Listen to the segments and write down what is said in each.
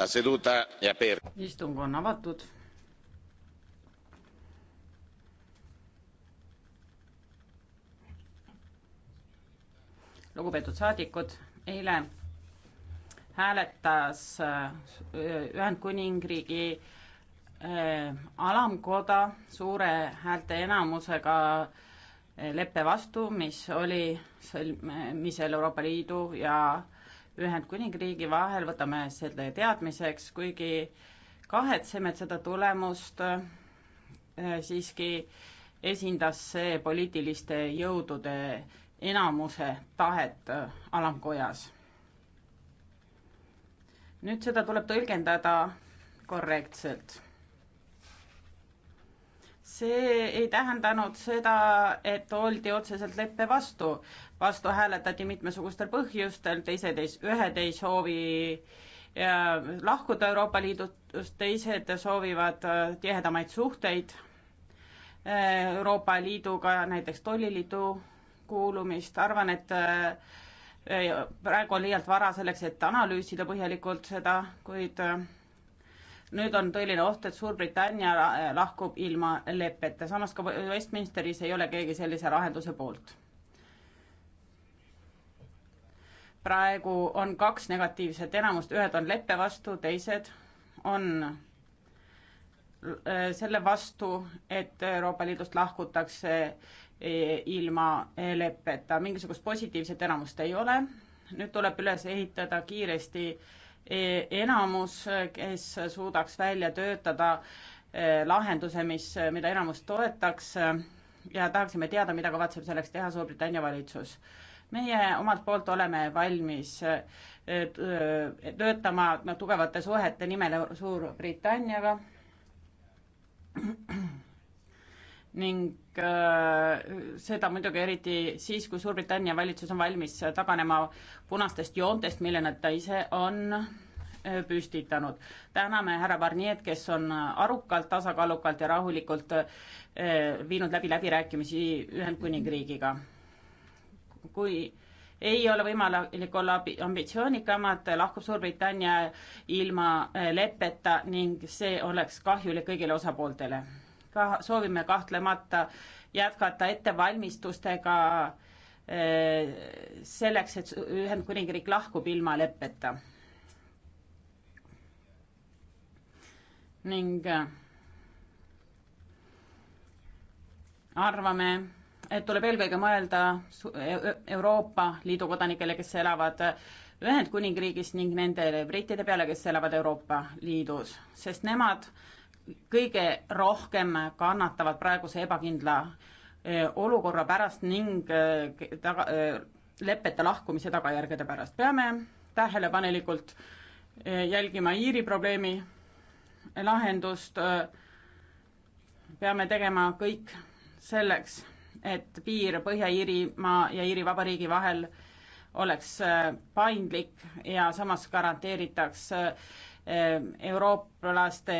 La seduta è aperta. Istung on avatud. lugupeetud saadikud, eile hääletas äh, Ühendkuningriigi äh, alamkoda suure häälteenamusega äh, leppe vastu, mis oli sõlmimisel Euroopa Liidu ja Ühendkuningriigi vahel, võtame selle teadmiseks, kuigi kahetseme, et seda tulemust äh, siiski esindas see poliitiliste jõudude enamuse tahet äh, alamkojas. nüüd seda tuleb tõlgendada korrektselt. see ei tähendanud seda, et oldi otseselt leppe vastu, vastu hääletati mitmesugustel põhjustel, teised ei, ühed ei soovi lahkuda Euroopa Liidust, teised soovivad äh, tihedamaid suhteid äh, Euroopa Liiduga, näiteks tolliliidu kuulumist, arvan, et äh, praegu on liialt vara selleks, et analüüsida põhjalikult seda, kuid nüüd on tõeline oht, et Suurbritannia lahkub ilma leppeta, samas ka Westminsteris ei ole keegi sellise lahenduse poolt. praegu on kaks negatiivset enamust, ühed on leppe vastu, teised on äh, selle vastu, et Euroopa Liidust lahkutakse äh, ilma äh, leppeta, mingisugust positiivset enamust ei ole. nüüd tuleb üles ehitada kiiresti enamus, kes suudaks välja töötada lahenduse, mis, mida enamus toetaks ja tahaksime teada, mida kavatseb selleks teha Suurbritannia valitsus meie omalt poolt oleme valmis äh, äh, töötama tugevate suhete nimel Suurbritanniaga ning äh, seda muidugi eriti siis, kui Suurbritannia valitsus on valmis taganema punastest joontest, mille nad ta ise on püstitanud. täname härra Barniet, kes on arukalt, tasakaalukalt ja rahulikult viinud läbi läbirääkimisi Ühendkuningriigiga kui ei ole võimalik olla ambitsioonikamad, lahkub Suurbritannia ilma eh, leppeta ning see oleks kahjulik kõigile osapooltele. ka soovime kahtlemata jätkata ettevalmistustega eh, selleks, et Ühendkuningriik lahkub ilma leppeta. ning eh, arvame et tuleb eelkõige mõelda e-, e-, Euroopa Liidu kodanikele, kes elavad Ühendkuningriigis ning nendele brittide peale, kes elavad Euroopa Liidus, sest nemad kõige rohkem kannatavad praeguse ebakindla e, olukorra pärast ning taga, lepete lahkumise tagajärgede pärast. peame tähelepanelikult jälgima Iiri probleemi lahendust, peame tegema kõik selleks, et piir Põhja-Iirimaa ja Iiri Vabariigi vahel oleks äh, paindlik ja samas garanteeritaks äh, eurooplaste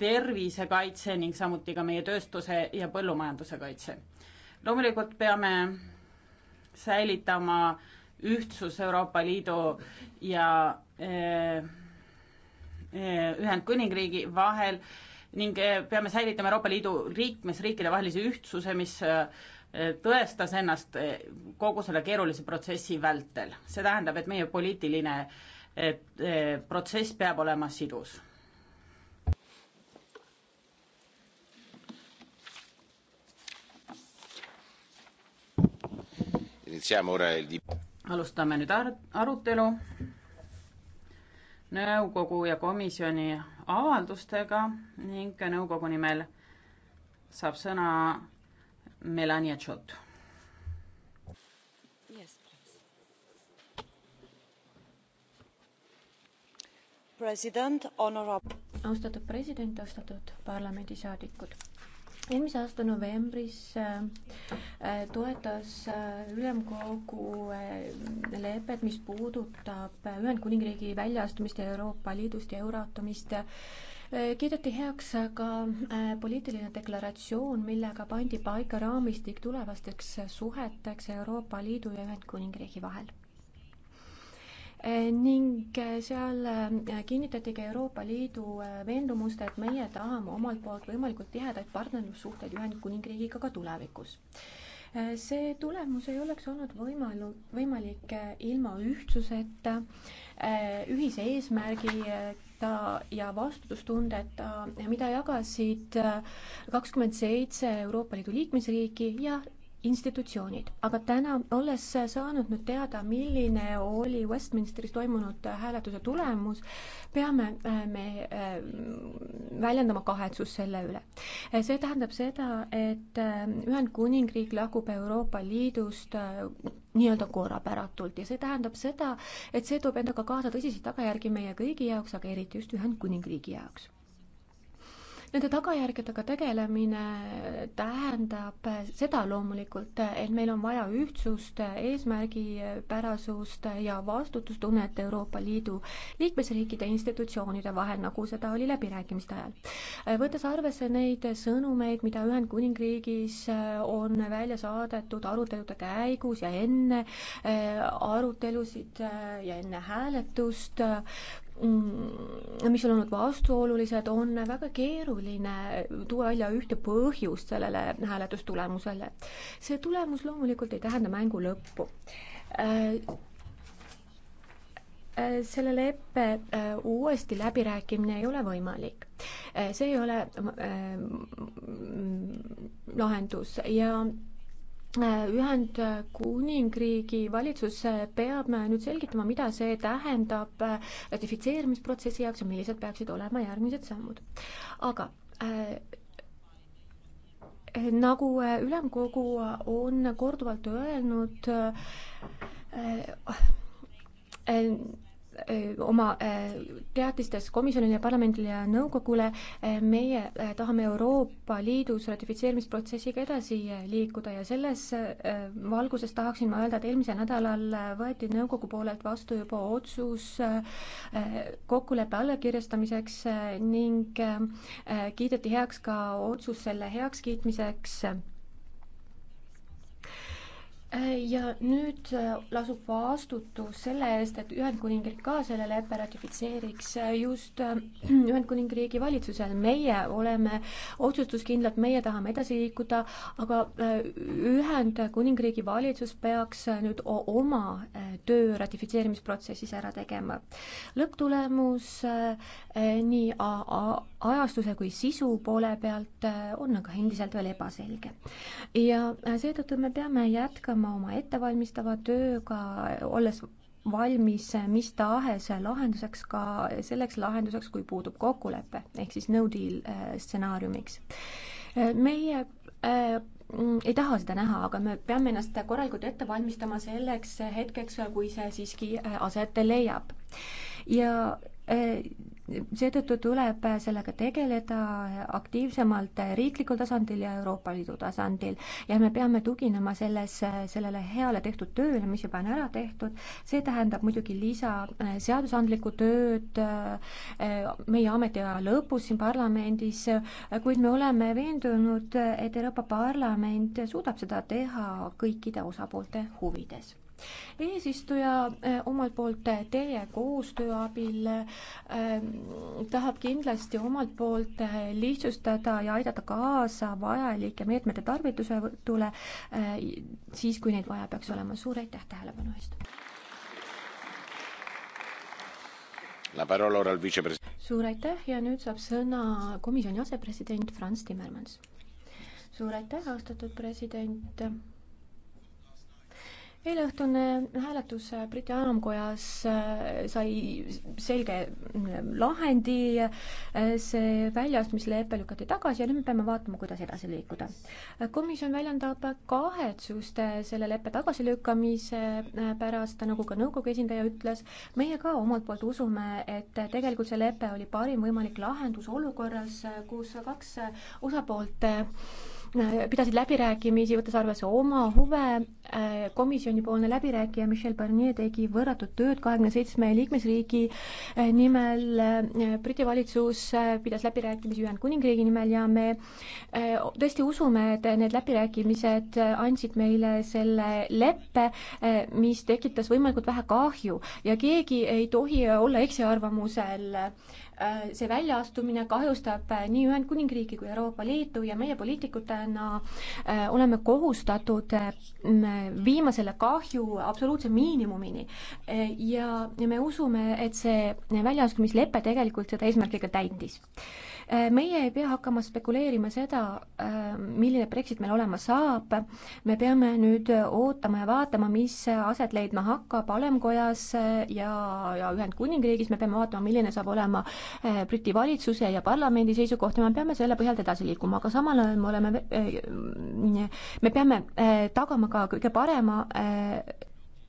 tervisekaitse ning samuti ka meie tööstuse ja põllumajanduse kaitse. loomulikult peame säilitama ühtsus Euroopa Liidu ja äh, Ühendkuningriigi vahel ning eh, peame säilitama Euroopa Liidu liikmesriikide vahelise ühtsuse, mis eh, tõestas ennast eh, kogu selle keerulise protsessi vältel. see tähendab, et meie poliitiline protsess peab olema sidus. alustame nüüd ar-, arutelu nõukogu ja komisjoni avaldustega ning nõukogu nimel saab sõna Melania Tšot yes,. austatud president, austatud parlamendisaadikud eelmise aasta novembris äh, äh, toetas äh, ülemkogu lepet, mis puudutab Ühendkuningriigi väljaastumist Euroopa Liidust ja Euratomist. kiideti heaks ka poliitiline deklaratsioon, millega pandi paika raamistik tulevasteks suheteks Euroopa Liidu ja Ühendkuningriigi vahel ning eh, seal eh, kinnitati ka Euroopa Liidu eh, veendumust, et meie tahame omalt poolt võimalikult tihedaid partnerlussuhteid Ühendkuningriigiga ka tulevikus. see tulemus ei oleks olnud võimalu-, võimalik ilma ühtsuseta, ühise eesmärgita ja vastutustundeta, mida jagasid kakskümmend seitse Euroopa Liidu liikmesriiki ja institutsioonid, aga täna, olles saanud nüüd teada, milline oli Westminsteris toimunud hääletuse tulemus, peame äh, me äh, väljendama kahetsust selle üle. Äh, see tähendab seda, et Ühendkuningriik lahkub Euroopa Liidust nii-öelda korrapäratult ja see tähendab seda, et see toob endaga kaasa tõsiseid tagajärgi meie kõigi jaoks, aga eriti just Ühendkuningriigi jaoks Nende tagajärgedega tegelemine tähendab seda loomulikult, et meil on vaja ühtsust, eesmärgipärasust ja vastutustunnet Euroopa Liidu liikmesriikide institutsioonide vahel, nagu seda oli läbirääkimiste ajal. võttes arvesse neid sõnumeid, mida Ühendkuningriigis on välja saadetud arutelude käigus ja enne äh, arutelusid äh, ja enne hääletust, Mm, mis on olnud vastuolulised, on väga keeruline tuua välja ühte põhjust sellele hääletustulemusele. see tulemus loomulikult ei tähenda mängu lõppu äh, äh, selle leppe äh, uuesti läbirääkimine ei ole võimalik. see ei ole lahendus ja Äh, Ühendkuningriigi valitsus äh, peab äh, nüüd selgitama, mida see tähendab ratifitseerimisprotsessi jaoks ja millised peaksid olema järgmised sammud. aga äh, nagu ülemkogu on korduvalt öelnud äh,, äh, oma teatistes komisjonile, parlamendile ja nõukogule. meie tahame Euroopa Liidus ratifitseerimisprotsessiga edasi liikuda ja selles valguses tahaksin ma öelda, et eelmisel nädalal võeti nõukogu poolelt vastu juba otsus kokkuleppe allakirjastamiseks ning kiideti heaks ka otsus selle heakskiitmiseks ja nüüd äh, lasub vastutus selle eest, et Ühendkuningriik ka selle leppe ratifitseeriks äh, just äh, Ühendkuningriigi valitsusel. meie oleme otsustuskindlad, meie tahame edasi liikuda, aga Ühendkuningriigi valitsus peaks nüüd oma töö ratifitseerimisprotsessis ära tegema. lõpptulemus nii ajastuse kui sisu poole pealt on aga endiselt veel ebaselge. ja seetõttu me peame jätkama jätkama oma ettevalmistava tööga, olles valmis mis tahes lahenduseks, ka selleks lahenduseks, kui puudub kokkulepe, ehk siis no deal äh, stsenaariumiks. Äh, meie äh, ei taha seda näha, aga me peame ennast korralikult ette valmistama selleks hetkeks, kui see siiski äh, aset leiab. ja äh, seetõttu tuleb sellega tegeleda aktiivsemalt riiklikul tasandil ja Euroopa Liidu tasandil ja me peame tuginema selles, sellele heale tehtud tööle, mis juba on ära tehtud, see tähendab muidugi lisa äh, seadusandlikku tööd äh, meie ametiaja lõpus siin parlamendis, kuid me oleme veendunud, et Euroopa Parlament suudab seda teha kõikide osapoolte huvides eesistuja eh, omalt poolt teie koostöö abil eh, tahab kindlasti omalt poolt eh, lihtsustada ja aidata kaasa vajalike meetmete tarvitusele siis, kui neid vaja peaks olema. suur aitäh tähelepanu eest! suur aitäh ja nüüd saab sõna komisjoni asepresident Franz Timmermans. suur aitäh, austatud president eileõhtune hääletus äh, Briti alamkojas äh, sai selge äh, lahendi, see väljaostmislepe lükati tagasi ja nüüd me peame vaatama, kuidas edasi liikuda. komisjon väljendab kahetsust selle leppe tagasilükkamise pärast, nagu ka nõukogu esindaja ütles, meie ka omalt poolt usume, et tegelikult see lepe oli parim võimalik lahendus olukorras, kus kaks osapoolt Äh, pidasid läbirääkimisi, võttes arvesse oma huve. Äh, komisjonipoolne läbirääkija Michel Barnier tegi võrratut tööd kahekümne seitsme liikmesriigi äh, nimel. Briti valitsus pidas läbirääkimisi Ühendkuningriigi nimel ja me tõesti usume, et need läbirääkimised andsid meile selle leppe, mis tekitas võimalikult vähe kahju ja keegi ei tohi olla eksiarvamusel Äh, see väljaastumine kahjustab äh, nii Ühendkuningriiki kui Euroopa Liitu ja meie poliitikutena äh, oleme kohustatud viima selle kahju absoluutse miinimumini. ja me usume, et see väljaastumislepe tegelikult seda eesmärki ka täitis Äh, meie ei pea hakkama spekuleerima seda, äh, milline Brexit meil olema saab, me peame nüüd äh, ootama ja vaatama, mis aset leidma hakkab Alemkojas ja, ja Ühendkuningriigis, me peame vaatama, milline saab olema Briti valitsuse ja parlamendi seisukoht ja me peame selle põhjalt edasi liikuma, aga samal ajal me oleme, me peame tagama ka kõige parema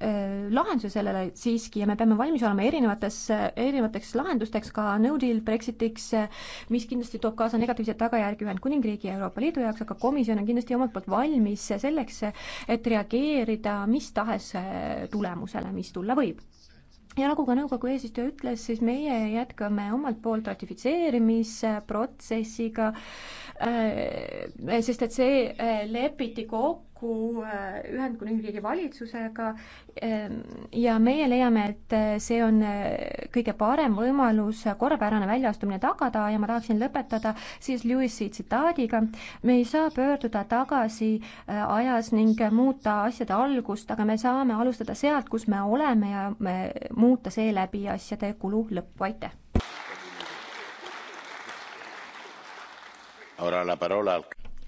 Äh, lahendusi sellele siiski ja me peame valmis olema erinevates, erinevateks lahendusteks, ka no deal Brexitiks, mis kindlasti toob kaasa negatiivseid tagajärgi Ühendkuningriigi ja Euroopa Liidu jaoks, aga komisjon on kindlasti omalt poolt valmis selleks, et reageerida mis tahes äh, tulemusele, mis tulla võib ja nagu ka nõukogu eesistuja ütles, siis meie jätkame omalt poolt ratifitseerimisprotsessiga, äh, sest et see lepiti kokku kokku äh, Ühendkuningriigi valitsusega ähm, ja meie leiame, et äh, see on äh, kõige parem võimalus korrapärane väljaastumine tagada ja ma tahaksin lõpetada siis Lewis'i tsitaadiga. me ei saa pöörduda tagasi ajas ning muuta asjade algust, aga me saame alustada sealt, kus me oleme ja me muuta seeläbi asjade kulu lõppu, aitäh!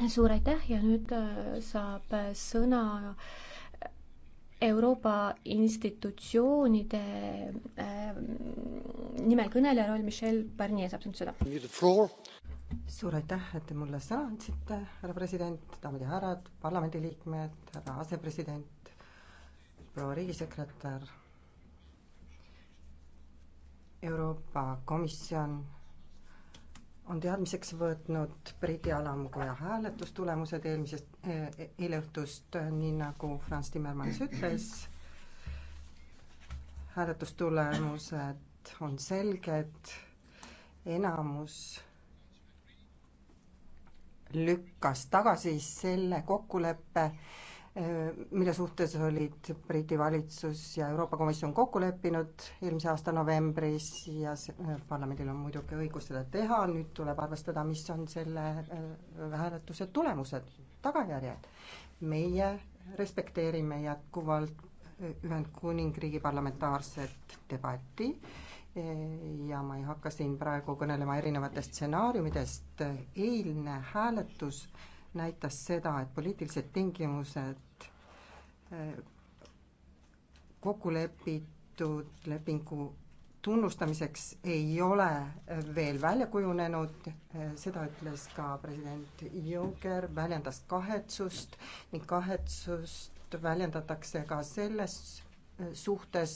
suur aitäh ja nüüd äh, saab äh, sõna äh, Euroopa institutsioonide äh, nimel kõneleja roll, Michel Barnier saab nüüd sõna. suur aitäh, et te mulle sõna andsite, härra president, daamid ja härrad, parlamendiliikmed, härra asepresident, proua riigisekretär, Euroopa Komisjon on teadmiseks võtnud Briti alamkoja hääletustulemused eelmisest, e-, eile õhtust, nii nagu Franz Timmermann ütles. hääletustulemused on selged, enamus lükkas tagasi selle kokkuleppe, mille suhtes olid Briti valitsus ja Euroopa Komisjon kokku leppinud eelmise aasta novembris ja äh, parlamendil on muidugi õigus seda teha, nüüd tuleb arvestada, mis on selle äh, hääletuse tulemused, tagajärjed. meie respekteerime jätkuvalt äh, Ühendkuningriigi parlamentaarset debatti ja ma ei hakka siin praegu kõnelema erinevatest stsenaariumidest, eilne hääletus äh, näitas seda, et poliitilised tingimused eh, kokku lepitud lepingu tunnustamiseks ei ole eh, veel välja kujunenud, eh, seda ütles ka president Juncker, väljendas kahetsust ning kahetsust väljendatakse ka selles suhtes,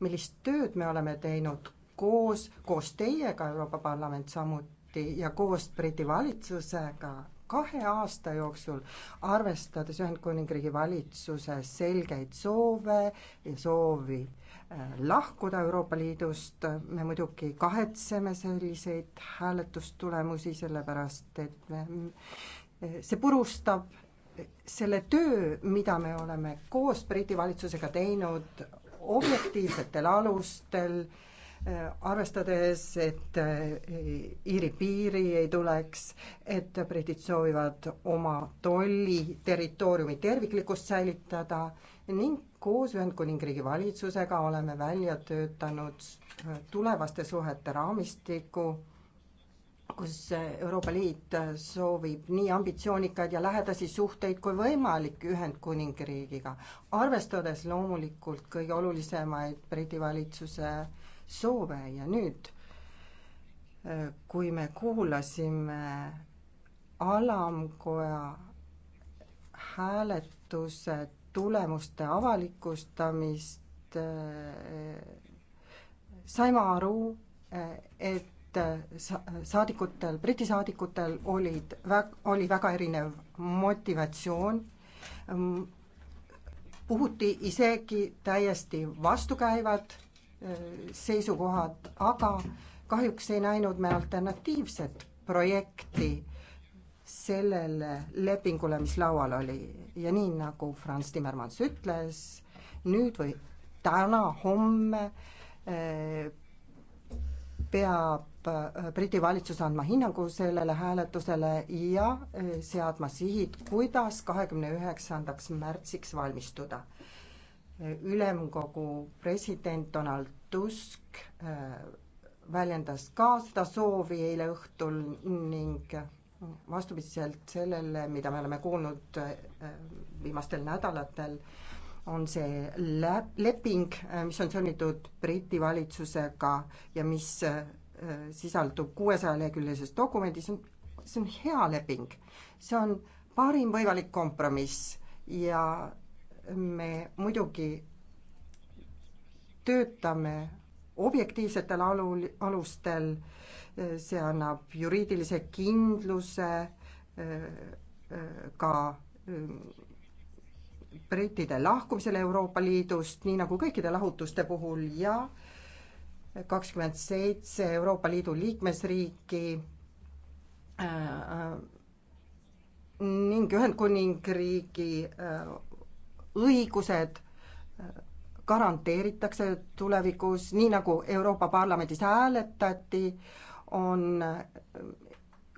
millist tööd me oleme teinud koos, koos teiega, Euroopa Parlament samuti, ja koos Briti valitsusega kahe aasta jooksul, arvestades Ühendkuningriigi valitsuse selgeid soove ja soovi äh, lahkuda Euroopa Liidust, me muidugi kahetseme selliseid hääletustulemusi, sellepärast et me, äh, see purustab äh, selle töö, mida me oleme koos Briti valitsusega teinud objektiivsetel alustel äh, Äh, arvestades, et äh, Iiri piiri ei tuleks, et britid soovivad oma tolliterritooriumi terviklikkust säilitada ning koos Ühendkuningriigi valitsusega oleme välja töötanud äh, tulevaste suhete raamistiku, kus Euroopa Liit soovib nii ambitsioonikaid ja lähedasi suhteid kui võimalik Ühendkuningriigiga, arvestades loomulikult kõige olulisemaid Briti valitsuse äh, soove ja nüüd, äh, kui me kuulasime alamkoja hääletuse tulemuste avalikustamist, äh, saime aru, äh, et saadikutel, Briti saadikutel olid, oli väga erinev motivatsioon puhuti isegi täiesti vastukäivad seisukohad, aga kahjuks ei näinud me alternatiivset projekti sellele lepingule, mis laual oli. ja nii, nagu Franz Timmermans ütles, nüüd või täna, homme eh, peab eh, Briti valitsus andma hinnangu sellele hääletusele ja eh, seadma sihid, kuidas kahekümne üheksandaks märtsiks valmistuda ülemkogu president Donald Tusk äh, väljendas ka seda soovi eile õhtul ning vastupidiselt sellele, mida me oleme kuulnud äh, viimastel nädalatel, on see läb-, leping, äh, mis on sõlmitud Briti valitsusega ja mis sisaldub kuuesaja leheküljelises dokumendis, on, see on hea leping. see on parim võimalik kompromiss ja me muidugi töötame objektiivsetel alul, alustel, see annab juriidilise kindluse äh, äh, ka äh, brittide lahkumisele Euroopa Liidust, nii nagu kõikide lahutuste puhul ja kakskümmend seitse Euroopa Liidu liikmesriiki ning Ühendkuningriigi õigused äh, garanteeritakse tulevikus, nii nagu Euroopa Parlamendis hääletati, on äh,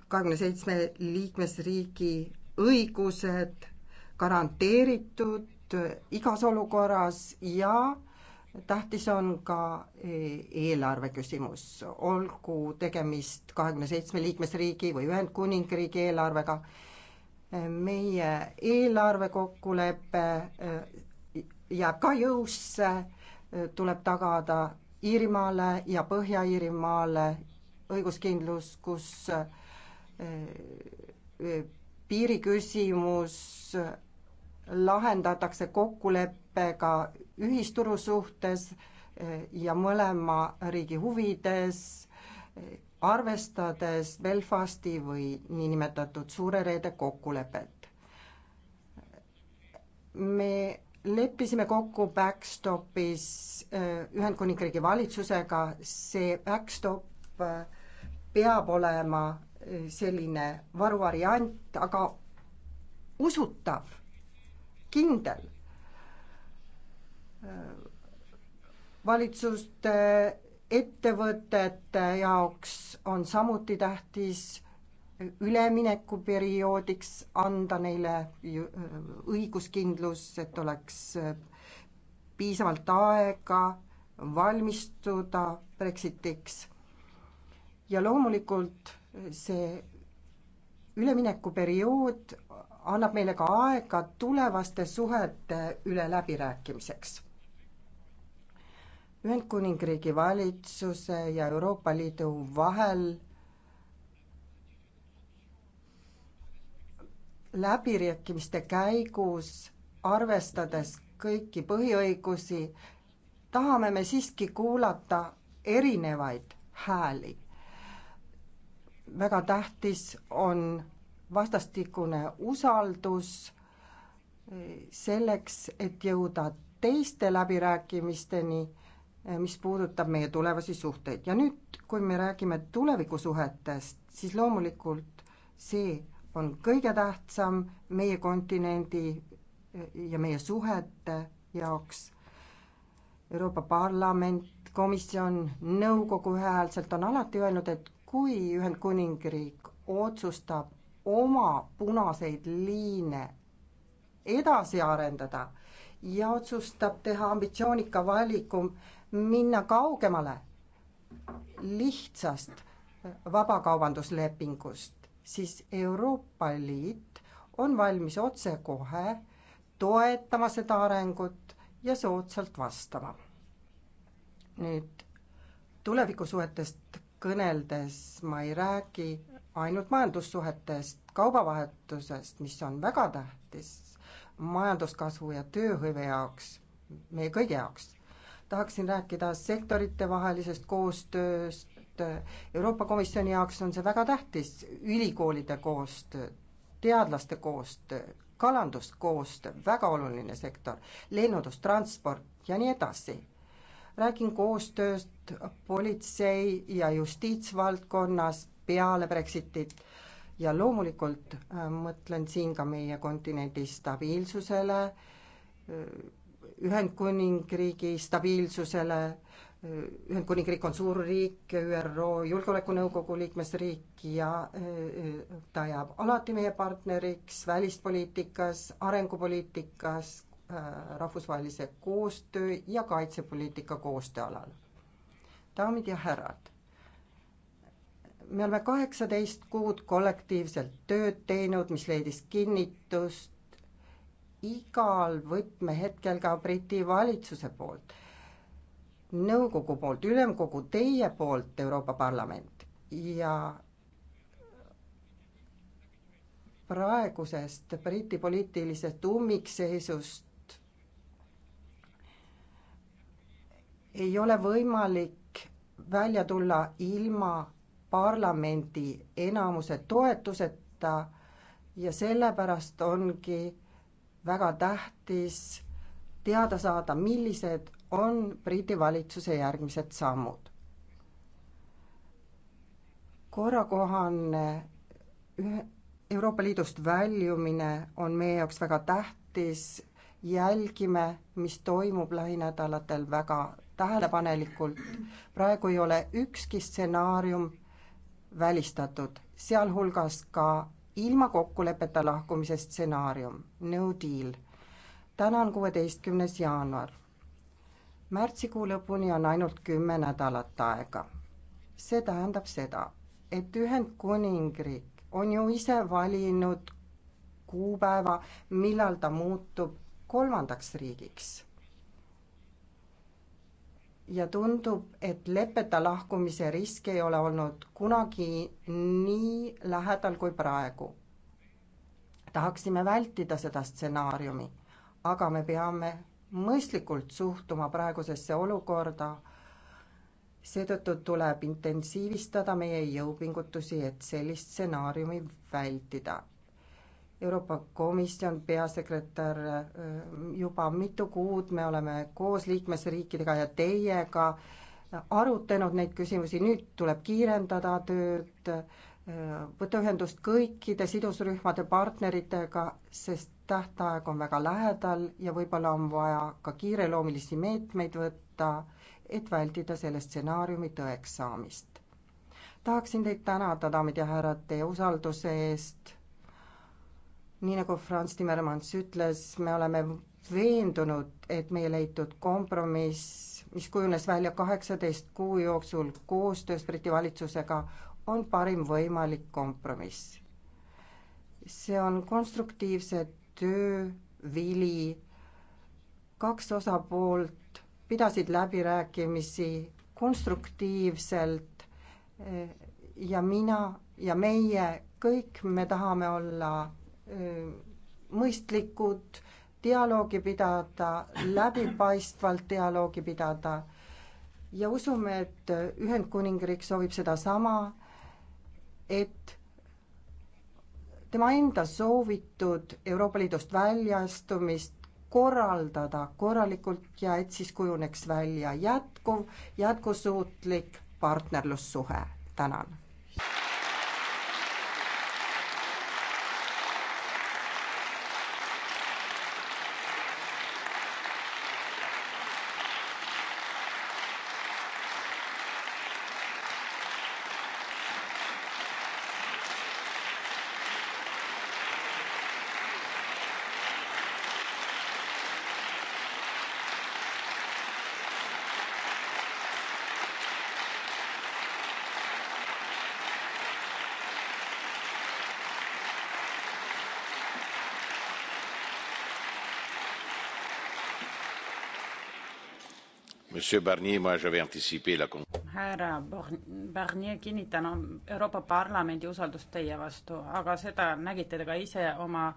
kahekümne seitsme liikmesriigi õigused garanteeritud äh, igas olukorras ja tähtis on ka eelarve küsimus, olgu tegemist kahekümne seitsme liikmesriigi või Ühendkuningriigi eelarvega meie eelarvekokkulepe äh, jääb ka jõusse, äh, tuleb tagada Iirimaale ja Põhja-Iirimaale õiguskindlus, kus äh, piiriküsimus lahendatakse kokkuleppega ühisturu suhtes ja mõlema riigi huvides arvestades Belfasti või niinimetatud suure reede kokkulepet. me leppisime kokku backstopis äh, Ühendkuningriigi valitsusega, see backstop äh, peab olema äh, selline varuvariant, aga usutav, kindel. valitsuste ettevõtete jaoks on samuti tähtis üleminekuperioodiks anda neile õiguskindlus, et oleks piisavalt aega valmistuda Brexitiks. ja loomulikult see üleminekuperiood annab meile ka aega tulevaste suhete üle läbirääkimiseks. Ühendkuningriigi valitsuse ja Euroopa Liidu vahel läbirääkimiste käigus, arvestades kõiki põhiõigusi, tahame me siiski kuulata erinevaid hääli. väga tähtis on vastastikune usaldus selleks, et jõuda teiste läbirääkimisteni Eh, mis puudutab meie tulevasi suhteid ja nüüd, kui me räägime tulevikusuhetest, siis loomulikult see on kõige tähtsam meie kontinendi eh, ja meie suhete jaoks. Euroopa Parlament, komisjon, nõukogu ühehäälselt on alati öelnud, et kui Ühendkuningriik otsustab oma punaseid liine edasi arendada, ja otsustab teha ambitsioonika valiku minna kaugemale lihtsast vabakaubanduslepingust, siis Euroopa Liit on valmis otsekohe toetama seda arengut ja soodsalt vastama. nüüd tulevikusuhetest kõneldes ma ei räägi ainult majandussuhetest, kaubavahetusest, mis on väga tähtis majanduskasvu ja tööhõive jaoks, meie kõigi jaoks. tahaksin rääkida sektoritevahelisest koostööst, Euroopa Komisjoni jaoks on see väga tähtis, ülikoolide koostöö, teadlaste koostöö, kalanduskoostöö, väga oluline sektor, lennundus, transport ja nii edasi. räägin koostööst politsei ja justiitsvaldkonnas peale Brexitit ja loomulikult äh, mõtlen siin ka meie kontinendi stabiilsusele, äh, Ühendkuningriigi stabiilsusele, äh, Ühendkuningriik on suur riik, ÜRO Julgeolekunõukogu liikmesriik ja ta jääb alati meie partneriks välispoliitikas, arengupoliitikas, rahvusvahelise koostöö ja kaitsepoliitika koostöö alal. daamid ja härrad me oleme kaheksateist kuud kollektiivselt tööd teinud, mis leidis kinnitust igal võtmehetkel ka Briti valitsuse poolt, nõukogu poolt, ülemkogu, teie poolt, Euroopa Parlament ja praegusest Briti poliitilisest ummikseisust ei ole võimalik välja tulla ilma parlamendi enamuse toetuseta ja sellepärast ongi väga tähtis teada saada, millised on Briti valitsuse järgmised sammud. korrakohane ühe, Euroopa Liidust väljumine on meie jaoks väga tähtis, jälgime, mis toimub lähinädalatel väga tähelepanelikult. praegu ei ole ükski stsenaarium välistatud, sealhulgas ka ilma kokkuleppeta lahkumise stsenaarium, no deal. täna on kuueteistkümnes jaanuar. märtsikuu lõpuni on ainult kümme nädalat aega. see tähendab seda, et Ühendkuningriik on ju ise valinud kuupäeva, millal ta muutub kolmandaks riigiks ja tundub, et leppeta lahkumise risk ei ole olnud kunagi nii lähedal kui praegu. tahaksime vältida seda stsenaariumi, aga me peame mõistlikult suhtuma praegusesse olukorda. seetõttu tuleb intensiivistada meie jõupingutusi, et sellist stsenaariumi vältida Euroopa Komisjon, peasekretär, äh, juba mitu kuud me oleme koos liikmesriikidega ja teiega arutanud neid küsimusi, nüüd tuleb kiirendada tööd, äh, võtta ühendust kõikide sidusrühmade partneritega, sest tähtaeg on väga lähedal ja võib-olla on vaja ka kiireloomulisi meetmeid võtta, et vältida selle stsenaariumi tõeks saamist. tahaksin teid tänada, daamid ja härrad, teie usalduse eest nii nagu Franz Timmermans ütles, me oleme veendunud, et meie leitud kompromiss, mis kujunes välja kaheksateist kuu jooksul koostöös Briti valitsusega, on parim võimalik kompromiss. see on konstruktiivse töö vili. kaks osapoolt pidasid läbirääkimisi konstruktiivselt eh, ja mina ja meie kõik me tahame olla Äh, mõistlikud, dialoogi pidada, läbipaistvalt dialoogi pidada ja usume, et Ühendkuningriik soovib sedasama, et tema enda soovitud Euroopa Liidust väljastumist korraldada korralikult ja et siis kujuneks välja jätkuv, jätkusuutlik partnerlussuhe. tänan härra Barnier, kinnitan Euroopa Parlamendi usaldust teie vastu, aga seda nägite te ka ise oma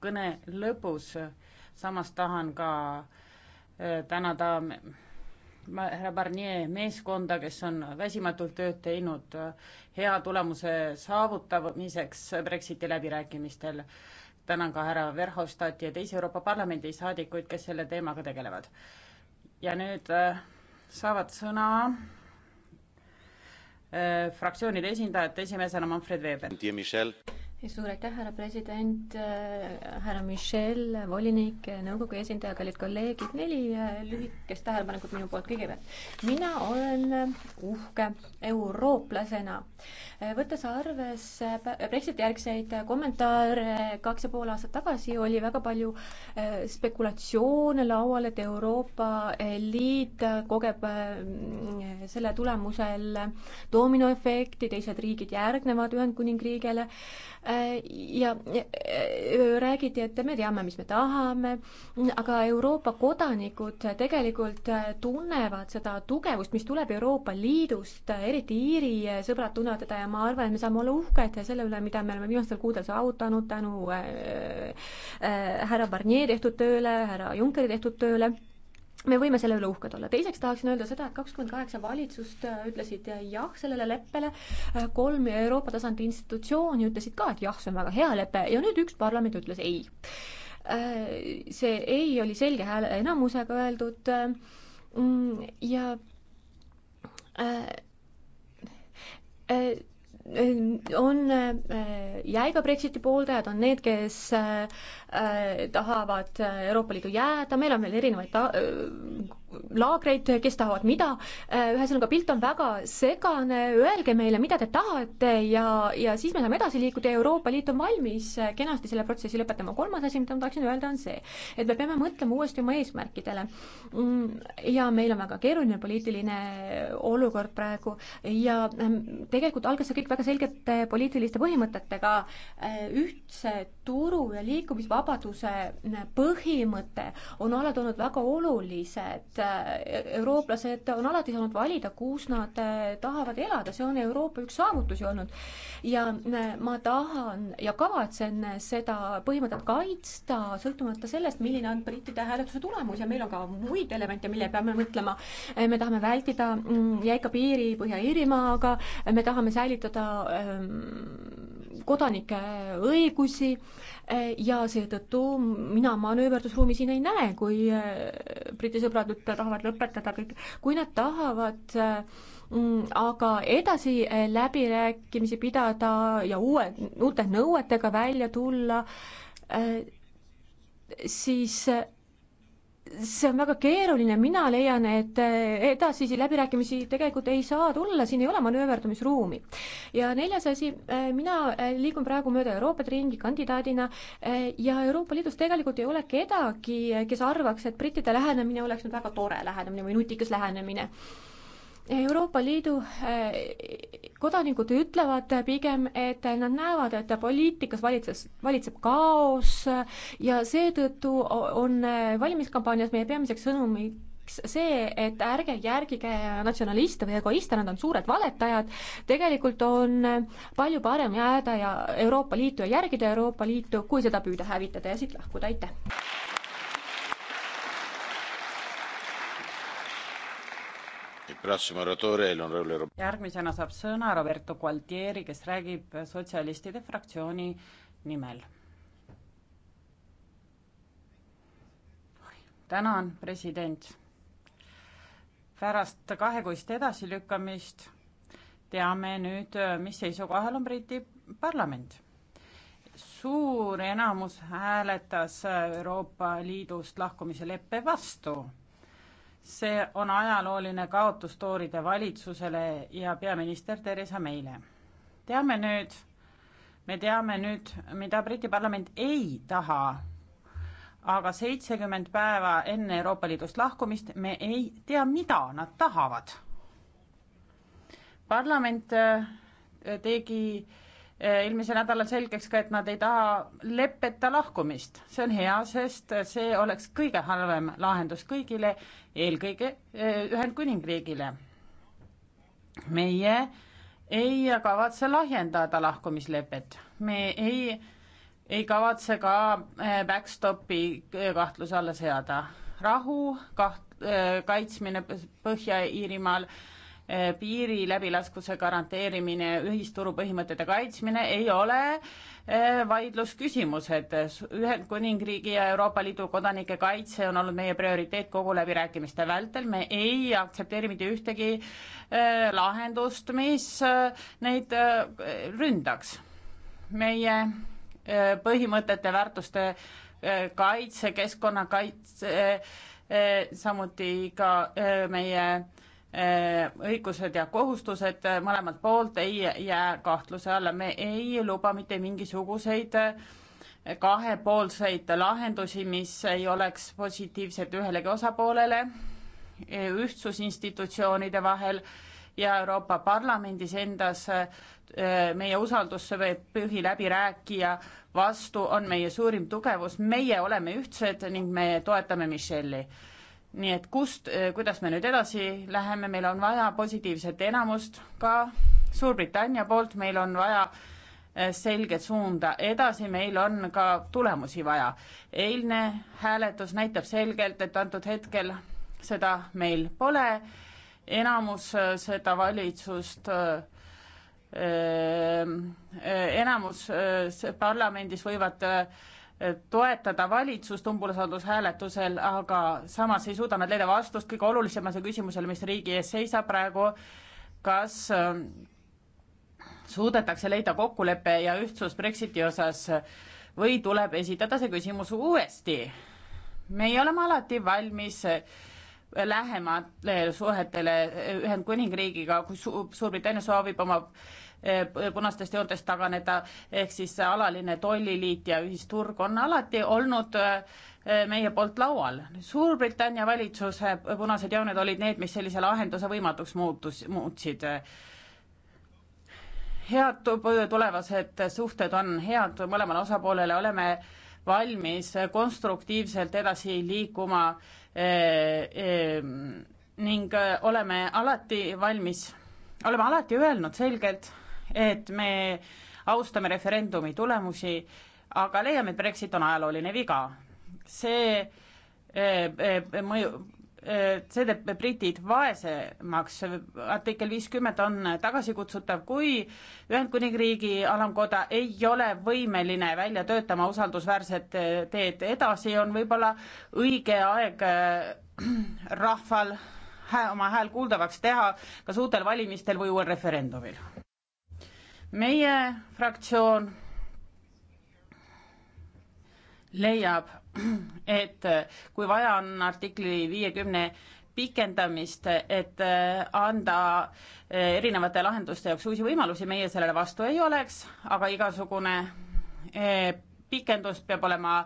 kõne lõpus. samas tahan ka äh, tänada härra Barnier meeskonda, kes on väsimatult tööd teinud äh, hea tulemuse saavutamiseks Brexiti läbirääkimistel. tänan ka härra Verhofstadti ja teisi Euroopa Parlamendi saadikuid, kes selle teemaga tegelevad ja nüüd äh, saavad sõna äh, fraktsioonide esindajad, esimesena Manfred Weber suur aitäh, härra president, äh, härra Michel, volinik, nõukogu esindaja, kallid kolleegid, neli äh, lühikest tähelepanekut minu poolt kõigepealt. mina olen äh, uhke eurooplasena, võttes arvesse Brexiti järgseid kommentaare kaks ja pool aastat tagasi, oli väga palju spekulatsioone laual, et Euroopa Liit kogeb selle tulemusel dominoefekti, teised riigid järgnevad Ühendkuningriigile ja räägiti, et me teame, mis me tahame, aga Euroopa kodanikud tegelikult tunnevad seda tugevust, mis tuleb Euroopa Liidust, eriti Iiri sõbrad tunnevad teda ja ma arvan, et me saame olla uhked selle üle, mida me oleme viimastel kuudel saavutanud tänu äh, äh, härra Barnier tehtud tööle, härra Junckeri tehtud tööle me võime selle üle uhked olla. teiseks tahaksin öelda seda, et kakskümmend kaheksa valitsust äh, ütlesid äh, jah sellele leppele, äh, kolm Euroopa tasandi institutsiooni ütlesid ka, et jah, see on väga hea lepe ja nüüd üks parlament ütles ei. see ei oli selge hääle enamusega öeldud mm, ja on äh, jäiga Brexiti pooldajad, on need, kes äh, äh, tahavad Euroopa Liidu jääda, meil on veel erinevaid ta-, laagreid, kes tahavad mida, äh, ühesõnaga pilt on väga segane, öelge meile, mida te tahate ja, ja siis me saame edasi liikuda ja Euroopa Liit on valmis äh, kenasti selle protsessi lõpetama. kolmas asi, mida ma tahaksin öelda, on see, et me peame mõtlema uuesti oma eesmärkidele. Mm, ja meil on väga keeruline poliitiline äh, olukord praegu ja ähm, tegelikult algas see kõik väga selgete poliitiliste põhimõtetega, ühtse turu ja liikumisvabaduse põhimõte on alati olnud väga olulised Äh, eurooplased on alati saanud valida, kus nad äh, tahavad elada, see on Euroopa üks saavutusi olnud. ja äh, ma tahan ja kavatsen seda põhimõtet kaitsta, sõltumata sellest, milline on brittide hääletuse tulemus ja meil on ka muid elemente, mille peame mõtlema. me tahame vältida mm, jäika piiri Põhja-Iirimaaga, me tahame säilitada ähm, kodanike õigusi ja seetõttu mina manööverdusruumi siin ei näe, kui äh, Briti sõbrad nüüd tahavad lõpetada kõik, kui nad tahavad mm, aga edasi äh, läbirääkimisi pidada ja uue, uute nõuetega välja tulla, äh, siis see on väga keeruline, mina leian, et eh, edasisi läbirääkimisi tegelikult ei saa tulla, siin ei ole manööverdumisruumi. ja neljas asi, eh, mina eh, liigun praegu mööda Euroopat ringi kandidaadina ja Euroopa Liidus tegelikult ei ole kedagi, kes arvaks, et brittide lähenemine oleks nüüd väga tore lähenemine või nutikas lähenemine Euroopa Liidu eh, kodanikud ütlevad pigem, et nad näevad, et poliitikas valitses, valitseb kaos ja seetõttu on eh, valimiskampaanias meie peamiseks sõnumiks see, et ärge järgige natsionaliste või egoiste, nad on suured valetajad, tegelikult on eh, palju parem jääda ja Euroopa Liitu ja järgida Euroopa Liitu, kui seda püüda hävitada ja siit lahkuda, aitäh! järgmisena saab sõna Roberto Gualtieri, kes räägib sotsialistide fraktsiooni nimel. tänan, president. pärast kahekuist edasilükkamist teame nüüd, mis seisukohal on Briti parlament. suur enamus hääletas Euroopa Liidust lahkumise leppe vastu see on ajalooline kaotus tooride valitsusele ja peaminister Theresa May'le. teame nüüd, me teame nüüd, mida Briti parlament ei taha, aga seitsekümmend päeva enne Euroopa Liidust lahkumist me ei tea, mida nad tahavad. parlament tegi äh, tegi Eh, eelmisel nädalal selgeks ka, et nad ei taha leppeta lahkumist. see on hea, sest see oleks kõige halvem lahendus kõigile, eelkõige eh, Ühendkuningriigile. meie ei kavatse lahjendada lahkumislepet, me ei, ei kavatse ka eh, backstopi kahtluse alla seada. rahu kaht-, kaitsmine Põhja-Iirimaal äh, piiri läbilaskuse garanteerimine, ühisturu põhimõtete kaitsmine ei ole eh, vaidlusküsimused. Ühendkuningriigi ja Euroopa Liidu kodanike kaitse on olnud meie prioriteet kogu läbirääkimiste vältel, me ei aktsepteeri mitte ühtegi eh, lahendust, mis eh, neid ründaks. meie põhimõtete, väärtuste kaitse, keskkonnakaitse, samuti ka meie Äh, õigused ja kohustused äh, mõlemalt poolt ei jää kahtluse alla, me ei luba mitte mingisuguseid äh, kahepoolseid lahendusi, mis ei oleks positiivsed ühelegi osapoolele, ühtsus institutsioonide vahel ja Euroopa Parlamendis endas meie usaldus või põhiläbirääkija vastu on meie suurim tugevus, meie oleme ühtsed ning me toetame Michelle'i nii et kust, eh, kuidas me nüüd edasi läheme, meil on vaja positiivset enamust ka Suurbritannia poolt, meil on vaja eh, selget suunda edasi, meil on ka tulemusi vaja. eilne hääletus näitab selgelt, et antud hetkel seda meil pole, enamus eh, seda valitsust enamus parlamendis võivad toetada valitsust umbusaldushääletusel, aga samas ei suuda nad leida vastust kõige olulisemale küsimusele, mis riigi ees seisab praegu, kas ähm, suudetakse leida kokkulepe ja ühtsus Brexiti osas või tuleb esitada see küsimus uuesti. meie oleme alati valmis äh, lähematele suhetele Ühendkuningriigiga, kui Suurbritannia soovib oma Eh, punastest joontest taganeda, ehk siis alaline tolliliit ja ühisturg on alati olnud eh, meie poolt laual. Suurbritannia valitsuse punased jooned olid need, mis sellise lahenduse võimatuks muutus, muutsid. head tulevased suhted on head mõlemale osapoolele, oleme valmis konstruktiivselt edasi liikuma eh, ning oleme alati valmis, oleme alati öelnud selgelt, et me austame referendumi tulemusi, aga leiame, et Brexit on ajalooline viga. see eh, eh, mõju, eh, see teeb britid vaesemaks, artikkel viiskümmend on tagasikutsutav, kui Ühendkuningriigi alamkoda ei ole võimeline välja töötama usaldusväärset teed edasi, on võib-olla õige aeg rahval hää, oma hääl kuuldavaks teha kas uutel valimistel või uuel referendumil meie fraktsioon leiab, et äh, kui vaja on artikli viiekümne pikendamist, et äh, anda äh, erinevate lahenduste jaoks uusi võimalusi, meie sellele vastu ei oleks, aga igasugune pikendus peab olema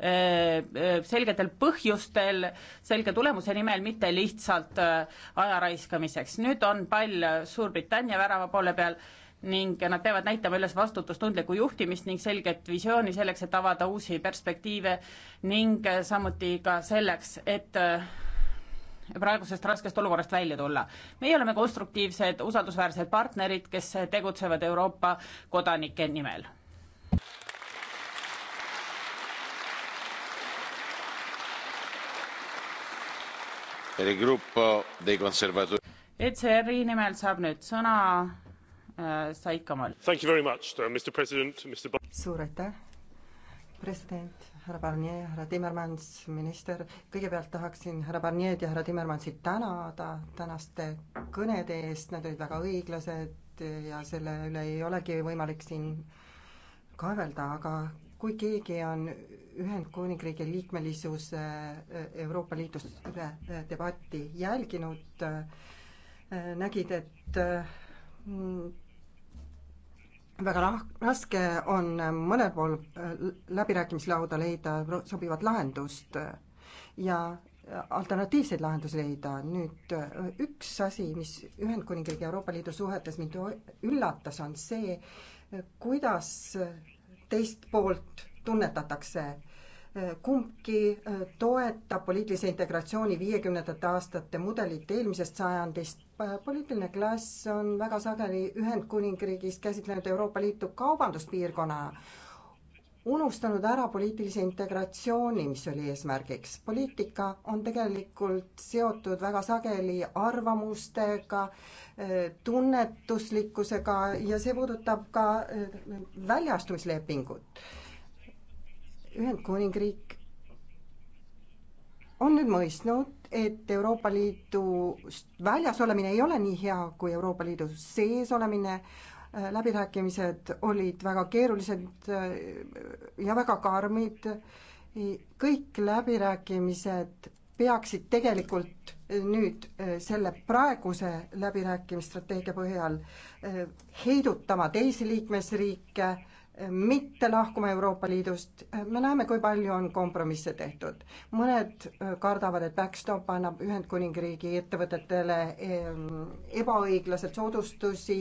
selgetel põhjustel, selge tulemuse nimel, mitte lihtsalt aja raiskamiseks. nüüd on pall Suurbritannia värava poole peal ning nad peavad näitama üles vastutustundlikku juhtimist ning selget visiooni selleks, et avada uusi perspektiive ning äh, samuti ka selleks, et äh, praegusest raskest olukorrast välja tulla. meie oleme konstruktiivsed, usaldusväärsed partnerid, kes tegutsevad Euroopa kodanike nimel. ECR-i nimel saab nüüd sõna Äh, said kamal. suur aitäh, president, härra Barnier, härra Timmermans, minister, kõigepealt tahaksin härra Barnier'd ja härra Timmermansit tänada tänaste kõnede eest, need olid väga õiglased ja selle üle ei olegi võimalik siin kaevelda, aga kui keegi on Ühendkuningriigi liikmelisuse äh, Euroopa Liidus äh, debatti jälginud, nägid, et väga rah-, raske on mõnel pool äh, läbirääkimislauda leida sobivat lahendust äh, ja alternatiivseid lahendusi leida. nüüd äh, üks asi, mis Ühendkuningriigi Euroopa Liidu suhetes mind üllatas, on see, kuidas teist poolt tunnetatakse kumbki toetab poliitilise integratsiooni viiekümnendate aastate mudelit eelmisest sajandist poliitiline klass on väga sageli Ühendkuningriigis käsitlenud Euroopa Liitu kaubanduspiirkonnana, unustanud ära poliitilise integratsiooni, mis oli eesmärgiks. poliitika on tegelikult seotud väga sageli arvamustega, eh, tunnetuslikkusega ja see puudutab ka eh, väljaastumislepingut. Ühendkuningriik on nüüd mõistnud, et Euroopa Liidust väljas olemine ei ole nii hea kui Euroopa Liidu sees olemine, äh, läbirääkimised olid väga keerulised äh, ja väga karmid, kõik läbirääkimised peaksid tegelikult äh, nüüd selle praeguse läbirääkimisstrateegia põhjal heidutama teisi liikmesriike mitte lahkuma Euroopa Liidust, me näeme, kui palju on kompromisse tehtud. mõned äh, kardavad, et backstop annab Ühendkuningriigi ettevõtetele ähm, ebaõiglaselt soodustusi,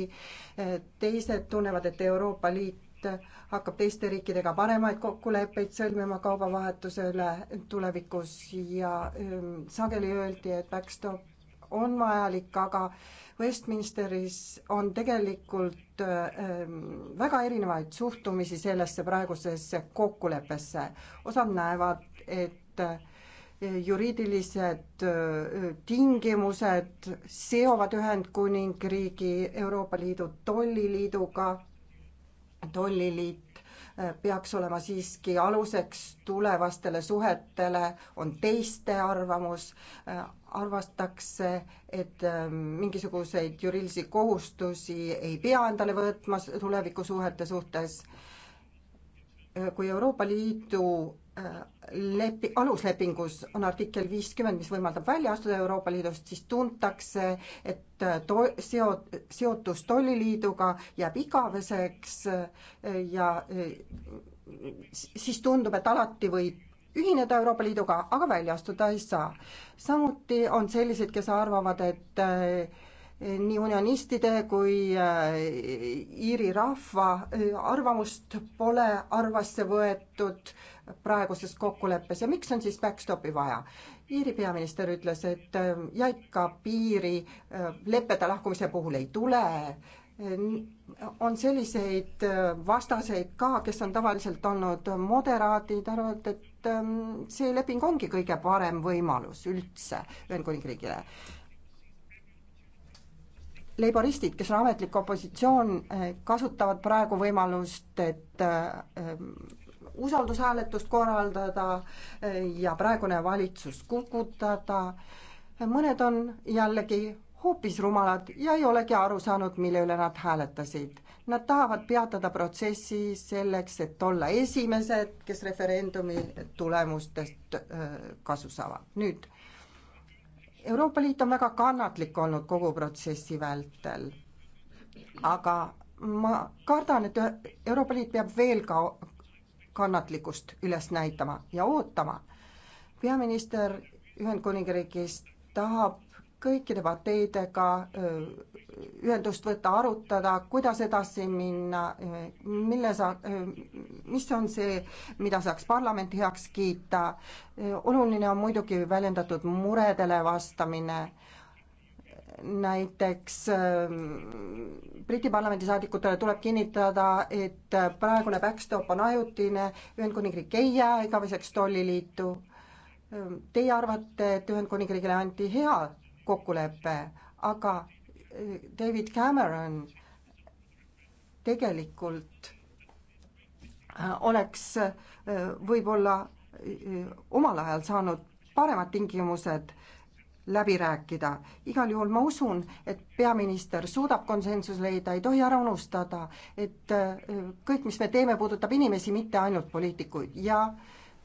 äh, teised tunnevad, et Euroopa Liit hakkab teiste riikidega paremaid kokkuleppeid sõlmima kaubavahetuse üle tulevikus ja ähm, sageli öeldi, et backstop on vajalik, aga Westminsteris on tegelikult ähm, väga erinevaid suhtumisi sellesse praegusesse kokkuleppesse. osad näevad, et äh, juriidilised äh, tingimused seovad Ühendkuningriigi Euroopa Liidu tolliliiduga, tolliliit äh, peaks olema siiski aluseks tulevastele suhetele, on teiste arvamus, arvatakse, et ähm, mingisuguseid juriidilisi kohustusi ei pea endale võtma tulevikusuhete suhtes. kui Euroopa Liidu äh, lepi-, aluslepingus on artikkel viiskümmend, mis võimaldab välja astuda Euroopa Liidust, siis tuntakse, et äh, to-, seo-, seotus tolliliiduga jääb igaveseks äh, ja siis tundub, et alati võib ühineda Euroopa Liiduga, aga välja astuda ei saa. samuti on selliseid, kes arvavad, et eh, nii unionistide kui eh, Iiri rahva eh, arvamust pole arvesse võetud praeguses kokkuleppes ja miks on siis backstopi vaja? Iiri peaminister ütles, et jäika piiri leppeta lahkumise puhul ei tule on selliseid vastaseid ka, kes on tavaliselt olnud moderaadid, arvavad, et Ähm, see leping ongi kõige parem võimalus üldse Ühendkuningriigile. Leiboristid, kes on ametlik opositsioon, eh, kasutavad praegu võimalust, et eh, usaldushääletust korraldada eh, ja praegune valitsus kukutada. mõned on jällegi hoopis rumalad ja ei olegi aru saanud, mille üle nad hääletasid Nad tahavad peatada protsessi selleks, et olla esimesed, kes referendumi tulemustest kasu saavad. nüüd, Euroopa Liit on väga kannatlik olnud kogu protsessi vältel, aga ma kardan, et Euroopa Liit peab veel ka kannatlikkust üles näitama ja ootama. peaminister Ühendkuningriigis tahab kõikide parteidega ühendust võtta, arutada, kuidas edasi minna, mille sa, mis on see, mida saaks parlament heaks kiita. oluline on muidugi väljendatud muredele vastamine näiteks Briti parlamendi saadikutele tuleb kinnitada, et praegune backstop on ajutine, Ühendkuningriik ei jää igaveseks tolliliitu. Teie arvate, et Ühendkuningriigile anti hea kokkulepe, aga äh, David Cameron tegelikult äh, oleks äh, võib-olla omal ajal saanud paremad tingimused läbi rääkida. igal juhul ma usun, et peaminister suudab konsensuse leida, ei tohi ära unustada, et kõik, mis me teeme, puudutab inimesi, mitte ainult poliitikuid ja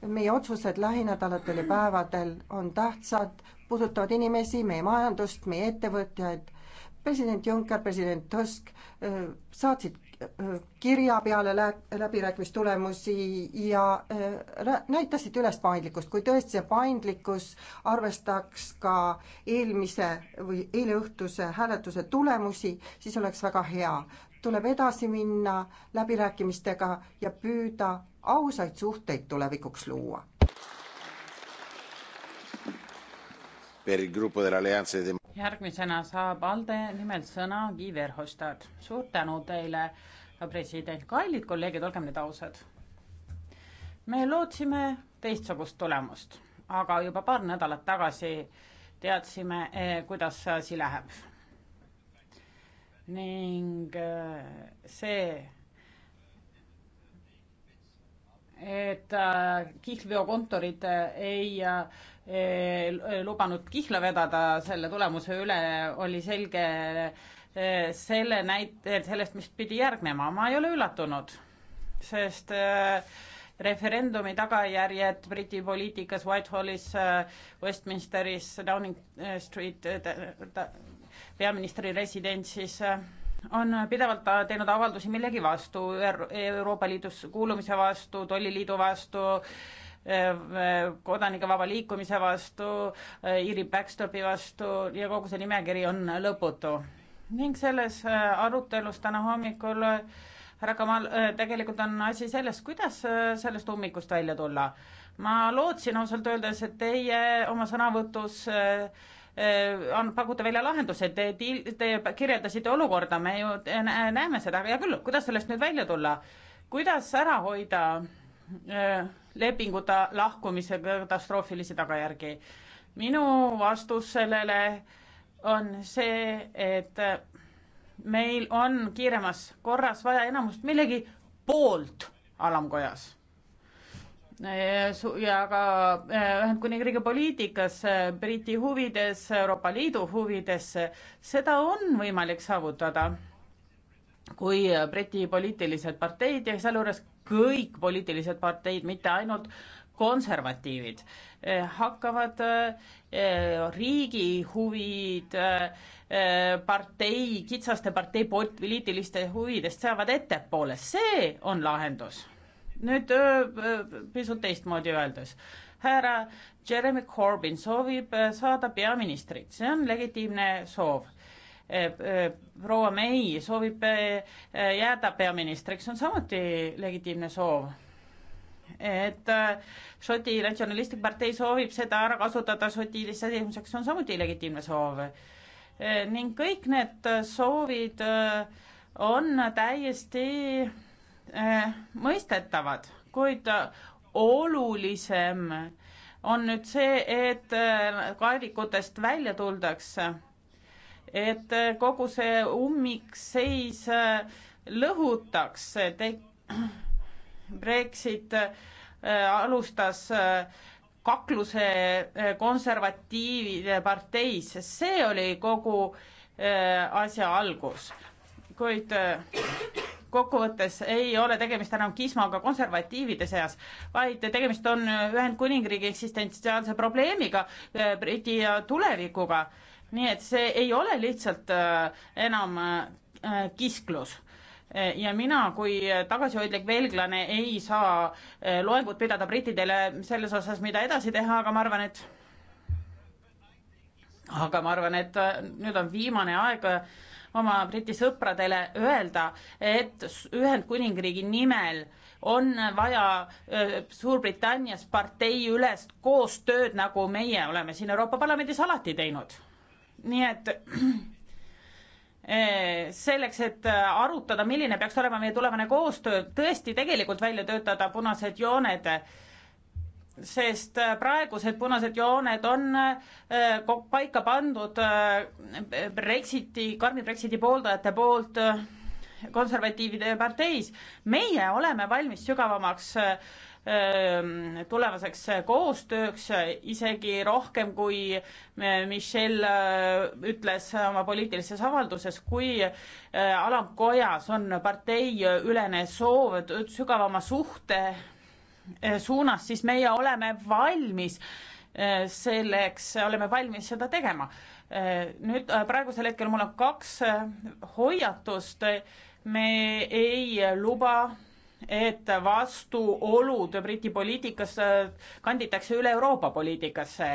meie otsused lähinädalatel ja päevadel on tähtsad, puudutavad inimesi, meie majandust, meie ettevõtjaid. president Juncker, president Tusk äh, saatsid äh, kirja peale läbirääkimistulemusi ja äh, näitasid üles paindlikkust, kui tõesti see paindlikkus arvestaks ka eelmise või eileõhtuse hääletuse tulemusi, siis oleks väga hea. tuleb edasi minna läbirääkimistega ja püüda ausaid suhteid tulevikuks luua järgmisena saab ALDE nimel sõna Guy Verhofstadt. suur tänu teile, president, kallid kolleegid, olgem nüüd ausad. me lootsime teistsugust tulemust, aga juba paar nädalat tagasi teadsime, eh, kuidas see asi läheb. ning eh, see et äh, kihlveokontorid ei äh, lubanud kihla vedada, selle tulemuse üle oli selge äh, selle näite, sellest, mis pidi järgnema, ma ei ole üllatunud, sest referendumi tagajärjed Briti poliitikas Whitehallis, Westminsteris, Downing Street, peaministri residentsis on pidevalt teinud avaldusi millegi vastu Euro, Euroopa Liidus kuulumise vastu, tolliliidu vastu, eh, eh, kodanike vaba liikumise vastu, eh, Iiri backstopi vastu ja kogu see nimekiri on lõputu. ning selles arutelus täna hommikul härra Kamal, tegelikult on asi selles, kuidas sellest ummikust välja tulla. ma lootsin ausalt öeldes, et teie oma sõnavõtus äh, Äh, on pakuda välja lahendused, te kirjeldasite olukorda, me ju näeme seda, hea küll, kuidas sellest nüüd välja tulla, kuidas ära hoida äh, lepinguta lahkumise katastroofilisi tagajärgi? minu vastus sellele on see, et äh, meil on kiiremas korras vaja enamust millegi poolt alamkojas ja ka äh, Ühendkuningriigi poliitikas, äh, Briti huvides, Euroopa Liidu huvides, seda on võimalik saavutada, kui äh, Briti poliitilised parteid ja sealjuures kõik poliitilised parteid, mitte ainult konservatiivid, hakkavad riigi huvid partei, kitsaste partei poliitiliste huvidest seavad ettepoole, see on lahendus nüüd pisut teistmoodi öeldes, härra Jeremy Corbyn soovib saada peaministriks, see on legitiimne soov. proua May soovib jääda peaministriks, on samuti legitiimne soov et Šoti natsionalistlik partei soovib seda ära kasutada Šoti lisandimiseks, see on samuti legitiimne soov. ning kõik need soovid on täiesti Äh, mõistetavad, kuid olulisem on nüüd see, et äh, kaevikutest välja tuldakse, et äh, kogu see ummikseis lõhutakse, Brexit alustas kakluse konservatiivide parteis, see oli kogu asja algus. kuid kokkuvõttes ei ole tegemist enam kismaga konservatiivide seas, vaid tegemist on Ühendkuningriigi eksistentsiaalse probleemiga, eh, Briti tulevikuga. nii et see ei ole lihtsalt eh, enam eh, kisklus ja mina kui tagasihoidlik belglane ei saa loengut pidada brittidele selles osas, mida edasi teha, aga ma arvan, et aga ma arvan, et nüüd on viimane aeg oma Briti sõpradele öelda, et Ühendkuningriigi nimel on vaja Suurbritannias parteiülest koostööd, nagu meie oleme siin Euroopa Parlamendis alati teinud. nii et selleks, et arutada, milline peaks olema meie tulevane koostöö, tõesti tegelikult välja töötada punased jooned sest äh, praegused punased jooned on äh, paika pandud äh, Brexiti, karmi Brexiti pooldajate poolt konservatiivide parteis. meie oleme valmis sügavamaks tulevaseks koostööks isegi rohkem, kui Michel ütles oma poliitilises avalduses, kui alamkojas on parteiülene soov sügavama suhte Eh, suunas, siis meie oleme valmis eh, selleks, oleme valmis seda tegema. Eh, nüüd praegusel hetkel mul on kaks hoiatust. me ei luba et vastuolud Briti poliitikas kanditakse üle Euroopa poliitikasse.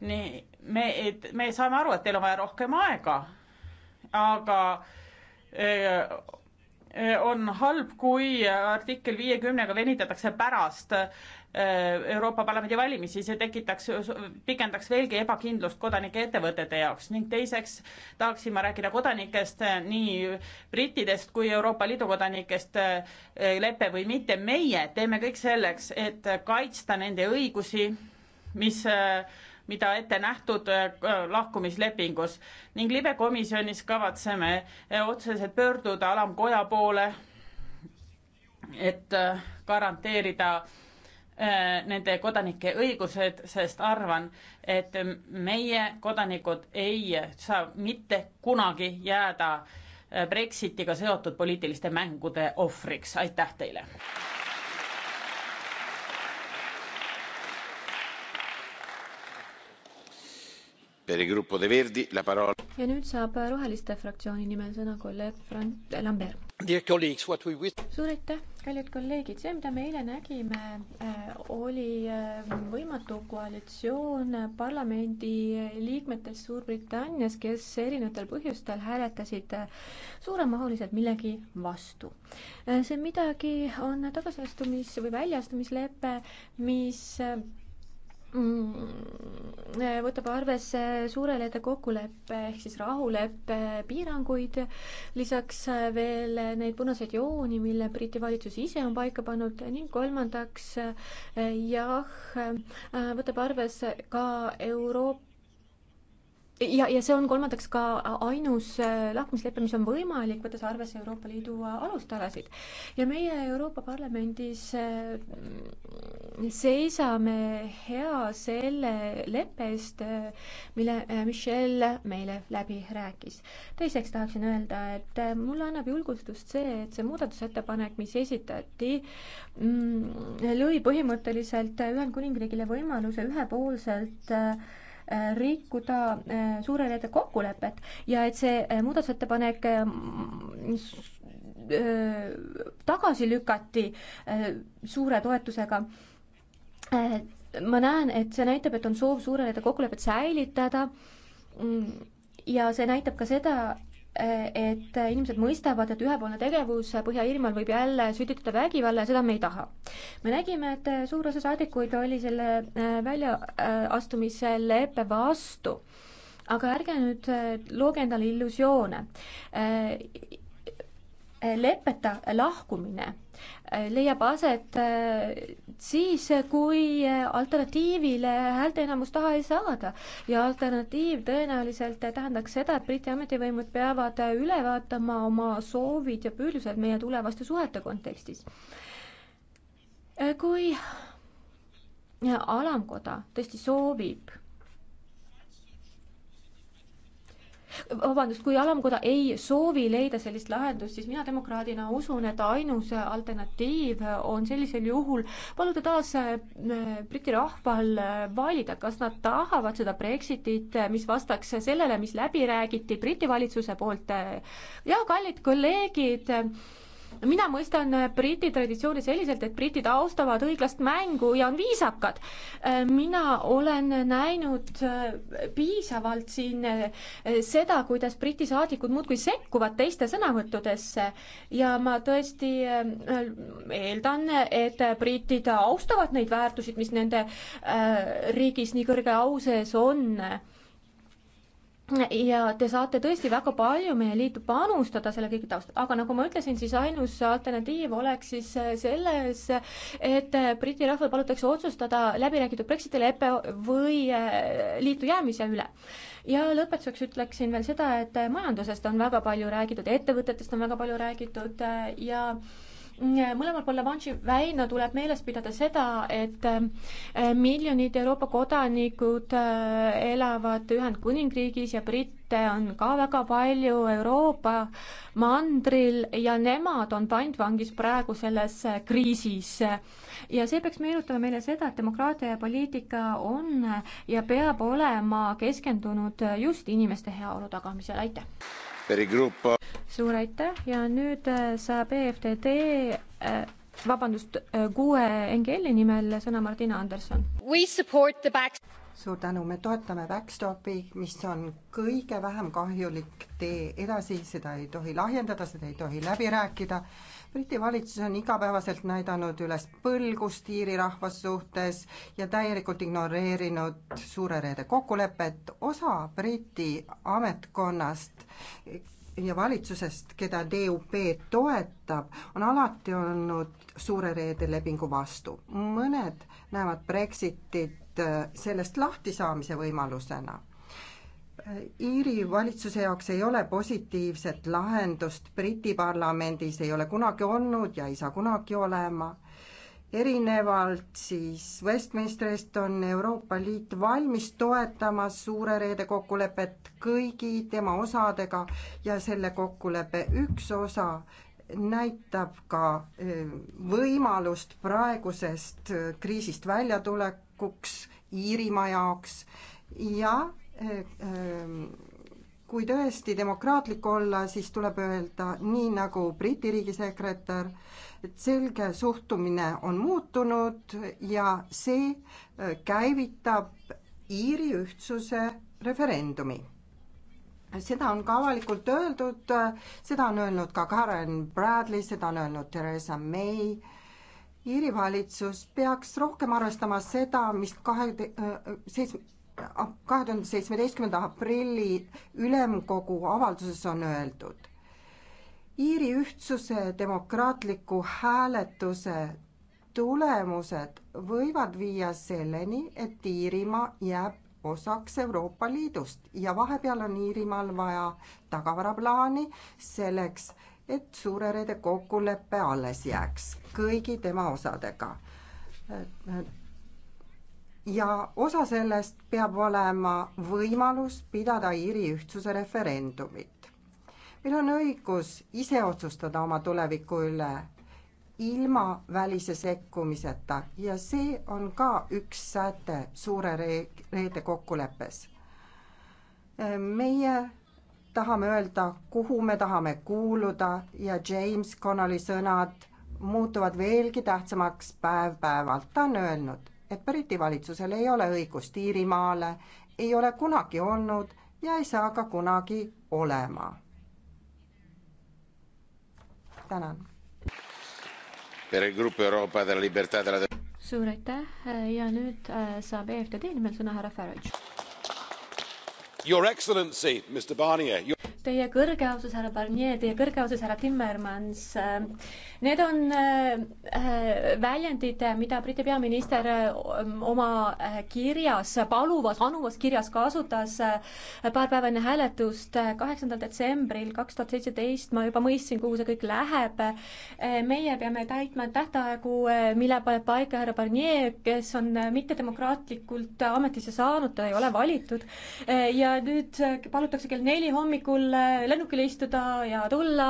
nii, me, et me saame aru, et teil on vaja rohkem aega, aga öö, on halb, kui artikkel viiekümnega venitatakse pärast äh, Euroopa Parlamendi valimisi, see tekitaks, pikendaks veelgi ebakindlust kodanike ettevõtete jaoks ning teiseks tahaksin ma rääkida kodanikest, äh, nii brittidest kui Euroopa Liidu kodanikest, äh, lepe või mitte, meie teeme kõik selleks, et kaitsta nende õigusi, mis äh, mida ette nähtud äh, lahkumislepingus ning libe komisjonis kavatseme äh, otseselt pöörduda alamkoja poole, et äh, garanteerida nende kodanike õigused, sest arvan, et meie kodanikud ei saa mitte kunagi jääda Brexitiga seotud poliitiliste mängude ohvriks. aitäh teile! ja nüüd saab Roheliste fraktsiooni nimel sõna kolleeg Fran- Lambert. suur aitäh, kallid kolleegid, see, mida me eile nägime, äh, oli äh, võimatu koalitsioon parlamendi liikmetest Suurbritannias, kes erinevatel põhjustel hääletasid äh, suuremahuliselt millegi vastu. see midagi on tagasiastumis- või väljaastumislepe, mis Mm, äh, võtab arvesse suurelede kokkuleppe ehk siis rahuleppe piiranguid, lisaks äh, veel neid punaseid jooni, mille Briti valitsus ise on paika pannud ning kolmandaks äh, jah, võtab arvesse ka Euroopa ja, ja see on kolmandaks ka ainus äh, lahkumislepe, mis on võimalik, võttes arvesse Euroopa Liidu äh, alustalasid. ja meie Euroopa Parlamendis äh, seisame hea selle leppe eest, mille Michelle meile läbi rääkis. teiseks tahaksin öelda, et mulle annab julgustust see, et see muudatusettepanek, mis esitati, mm, lõi põhimõtteliselt Ühendkuningriigile võimaluse ühepoolselt äh, rikkuda äh, suure reede kokkulepet ja et see äh, muudatusettepanek äh, tagasi lükati suure toetusega ma näen, et see näitab, et on soov suureneda kokkulepet säilitada. Mm, ja see näitab ka seda, et inimesed mõistavad, et ühepoolne tegevus Põhja-Iirimaal võib jälle sütitada vägivalla ja seda me ei taha. me nägime, et suur osa saadikuid oli selle äh, väljaastumise leppe vastu. aga ärge nüüd äh, looge endale illusioone. Äh, leppeta lahkumine leiab aset siis, kui eh, alternatiivile häälteenamust taha ei saada ja alternatiiv tõenäoliselt tähendaks seda, et Briti ametivõimud peavad üle vaatama oma soovid ja püüdlused meie tulevaste suhete kontekstis. Eh, kui alamkoda tõesti soovib vabandust, kui alamkoda ei soovi leida sellist lahendust, siis mina demokraadina usun, et ainus alternatiiv on sellisel juhul paluda taas äh, Briti rahval äh, valida, kas nad tahavad seda Brexitit, äh, mis vastaks sellele, mis läbi räägiti Briti valitsuse poolt. ja kallid kolleegid, mina mõistan äh, Briti traditsiooni selliselt, et britid austavad õiglast mängu ja on viisakad. Äh, mina olen näinud äh, piisavalt siin seda, kuidas Briti saadikud muudkui sekkuvad teiste sõnavõttudesse ja ma tõesti eeldan, et britid austavad neid väärtusi, mis nende riigis nii kõrge au sees on ja te saate tõesti väga palju meie liitu panustada selle kõige taustal, aga nagu ma ütlesin, siis ainus alternatiiv oleks siis selles, et Briti rahval palutakse otsustada läbiräägitud Brexiti lepe või äh, liitu jäämise üle. ja lõpetuseks ütleksin veel seda, et majandusest on väga palju räägitud, ettevõtetest on väga palju räägitud äh, ja äh, mõlemal pool Lavanši väina tuleb meeles pidada seda, et äh, miljonid Euroopa kodanikud äh, elavad Ühendkuningriigis ja britte on ka väga palju Euroopa mandril ja nemad on pantvangis praegu selles äh, kriisis. ja see peaks meenutama meile seda, et demokraatia ja poliitika on ja peab olema keskendunud just inimeste heaolu tagamisele, aitäh! suur aitäh ja nüüd äh, saab EFTD äh, vabandust, äh, kuue NGL-i nimel sõna Martina Anderson. suur tänu, me toetame backstopi, mis on kõige vähem kahjulik tee edasi, seda ei tohi lahjendada, seda ei tohi läbi rääkida Briti valitsus on igapäevaselt näidanud üles põlgust Iiri rahva suhtes ja täielikult ignoreerinud suure reede kokkulepet. osa Briti ametkonnast ja valitsusest, keda DUP toetab, on alati olnud suure reede lepingu vastu. mõned näevad Brexitit äh, sellest lahtisaamise võimalusena Iiri valitsuse jaoks ei ole positiivset lahendust Briti parlamendis, ei ole kunagi olnud ja ei saa kunagi olema. erinevalt siis Westminsterist on Euroopa Liit valmis toetama Suure Reede kokkulepet kõigi tema osadega ja selle kokkuleppe üks osa näitab ka eh, võimalust praegusest kriisist väljatulekuks Iirimaa jaoks ja kui tõesti demokraatlik olla, siis tuleb öelda nii, nagu Briti riigisekretär, et selge suhtumine on muutunud ja see äh, käivitab Iiri ühtsuse referendumi. seda on ka avalikult öeldud, äh, seda on öelnud ka Karen Bradley, seda on öelnud Theresa May Iiri valitsus peaks rohkem arvestama seda, mis kahe, äh, seitsme, kahe tuhande seitsmeteistkümnenda aprilli ülemkogu avalduses on öeldud. Iiri ühtsuse demokraatliku hääletuse tulemused võivad viia selleni, et Iirimaa jääb osaks Euroopa Liidust ja vahepeal on Iirimaal vaja tagavaraplaani selleks, et suurerede kokkulepe alles jääks kõigi tema osadega ja osa sellest peab olema võimalus pidada Iiri ühtsuse referendumit. meil on õigus ise otsustada oma tuleviku üle ilma välise sekkumiseta ja see on ka üks säte suure reede kokkuleppes. meie tahame öelda, kuhu me tahame kuuluda ja James Connolly sõnad muutuvad veelgi tähtsamaks päev-päevalt, ta on öelnud, et Briti valitsusel ei ole õigust Iirimaale, ei ole kunagi olnud ja ei saa ka kunagi olema. tänan. suur aitäh ja nüüd äh, saab EFTD nimel sõna härra Farage. Your Excellency, Mr Barnier you teie kõrgeauses, härra Barnier, teie kõrgeauses, härra Timmermans, äh, need on äh, äh, väljendid, mida Briti peaminister oma kirjas, paluvas, anuvas kirjas kasutas paar päeva enne hääletust, kaheksandal detsembril kaks tuhat seitseteist, ma juba mõistsin, kuhu see kõik läheb. meie peame täitma tähtaegu, mille paneb paika härra Barnier, kes on mittedemokraatlikult ametisse saanud, ta ei ole valitud ja nüüd palutakse kell neli hommikul jälle lennukile istuda ja tulla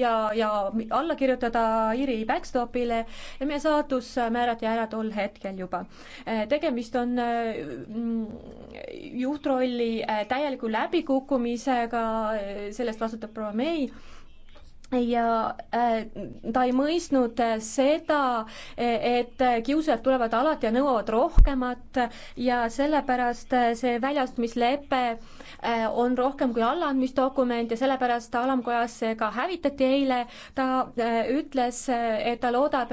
ja, ja alla kirjutada Iiri backstopile ja meie saatus määrati ära tol hetkel juba. tegemist on mm, juhtrolli äh, täieliku läbikukkumisega, sellest vastutab proua May ja äh, ta ei mõistnud äh, seda, äh, et kiusajad tulevad alati ja nõuavad rohkemat ja sellepärast see väljastamislepe on rohkem kui allaandmisdokument ja sellepärast alamkojas see ka hävitati eile. ta ütles, et ta loodab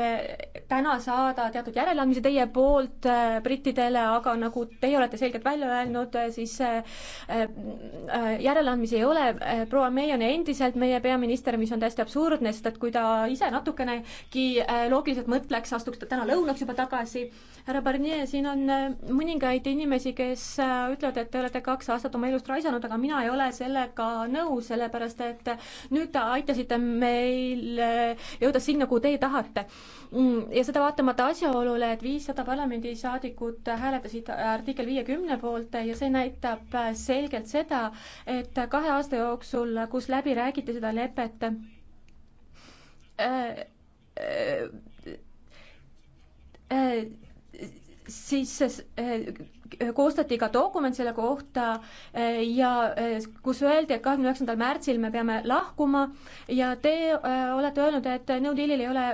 täna saada teatud järeleandmise teie poolt brittidele, aga nagu teie olete selgelt välja öelnud, siis järeleandmisi ei ole. proua May on endiselt meie peaminister, mis on täiesti absurdne, sest et kui ta ise natukenegi äh, loogiliselt mõtleks, astuks ta täna lõunaks juba tagasi. härra Barnier, siin on äh, mõningaid inimesi, kes äh, ütlevad, et te olete kaks aastat oma elust raisanud, aga mina ei ole sellega nõus, sellepärast et nüüd te aitasite meil jõuda sinna, kuhu teie tahate. Mm, ja seda vaatamata asjaolule, et viissada parlamendisaadikut hääletasid artikkel viiekümne poolt ja see näitab selgelt seda, et kahe aasta jooksul, kus läbi räägiti seda lepet, siis koostati ka dokument selle kohta eh, ja eh, kus öeldi, et kahekümne üheksandal märtsil me peame lahkuma ja te eh, olete öelnud, et New Dealil ei ole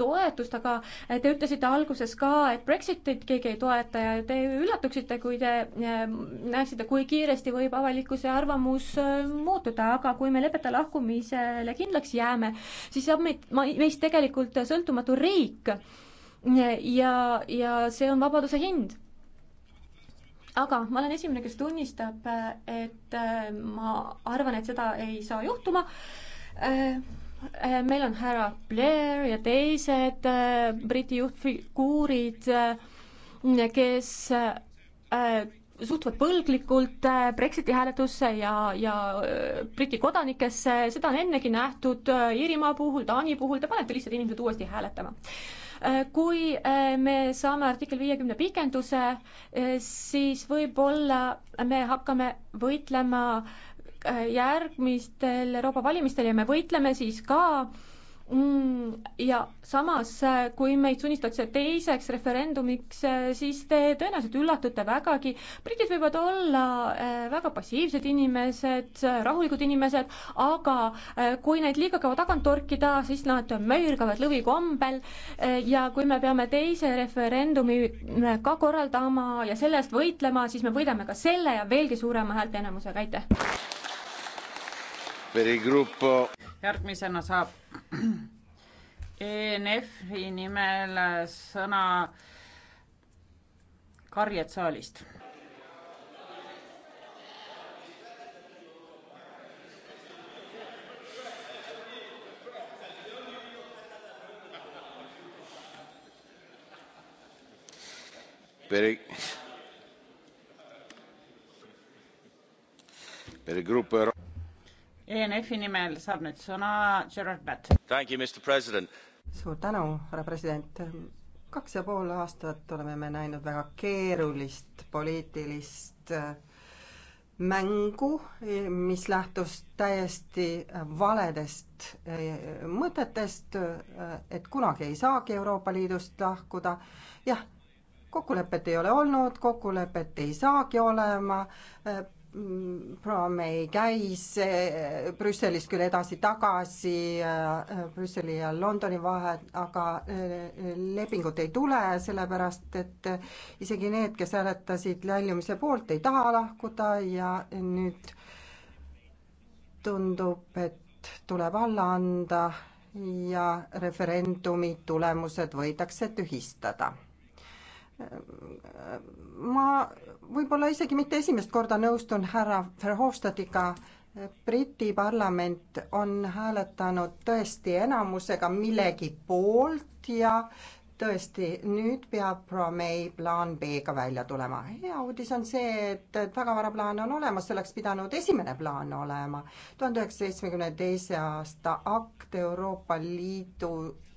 toetust, aga te ütlesite alguses ka, et Brexitit keegi ei toeta ja te üllatuksite, kui te näeksite, kui kiiresti võib avalikkuse arvamus muutuda, aga kui me lepete lahkumisele kindlaks jääme, siis saab meid, meist tegelikult sõltumatu riik ja, ja see on vabaduse hind aga ma olen esimene, kes tunnistab, et äh, ma arvan, et seda ei saa juhtuma. Äh, äh, meil on härra Blair ja teised Briti juhtfiguurid, kes suhtuvad põlglikult Brexiti hääletusse ja, ja Briti kodanikesse, seda on ennegi nähtud Iirimaa puhul, Taani puhul, te panete lihtsalt inimesed uuesti hääletama Äh, kui äh, me saame artikkel viiekümne pikenduse, äh, siis võib-olla me hakkame võitlema järgmistel Euroopa valimistel ja me võitleme siis ka Mm, ja samas, äh, kui meid sunnitakse teiseks referendumiks, äh, siis te tõenäoliselt üllatute vägagi. britid võivad olla äh, väga passiivsed inimesed, rahulikud inimesed, aga kui neid liiga kaua tagant torkida, siis nad möirgavad lõvikombel ja kui me peame teise referendumi ka korraldama ja selle eest võitlema, siis me võidame ka selle ja veelgi suurema häälteenamusega, aitäh! järgmisena saab ENF-i e nimel sõna karjed saalist. Per il gruppo ENF-i nimel saab nüüd sõna Gerard Batt. suur tänu, härra president. kaks ja pool aastat oleme me näinud väga keerulist poliitilist äh, mängu, mis lähtus täiesti valedest äh, mõtetest, äh, et kunagi ei saagi Euroopa Liidust lahkuda. jah kokkulepet ei ole olnud, kokkulepet ei saagi olema, proua May käis Brüsselist küll edasi-tagasi äh, Brüsseli ja Londoni vahel, aga äh, lepingut ei tule, sellepärast et äh, isegi need, kes hääletasid väljumise poolt, ei taha lahkuda ja nüüd tundub, et tuleb alla anda ja referendumi tulemused võidakse tühistada ma võib-olla isegi mitte esimest korda nõustun härra Verhofstadtiga, Briti parlament on hääletanud tõesti enamusega millegi poolt ja tõesti, nüüd peab Romei plaan B-ga välja tulema. hea uudis on see, et tagavaraplaan on olemas, see oleks pidanud esimene plaan olema. tuhande üheksasaja seitsmekümne teise aasta akt Euroopa Liidu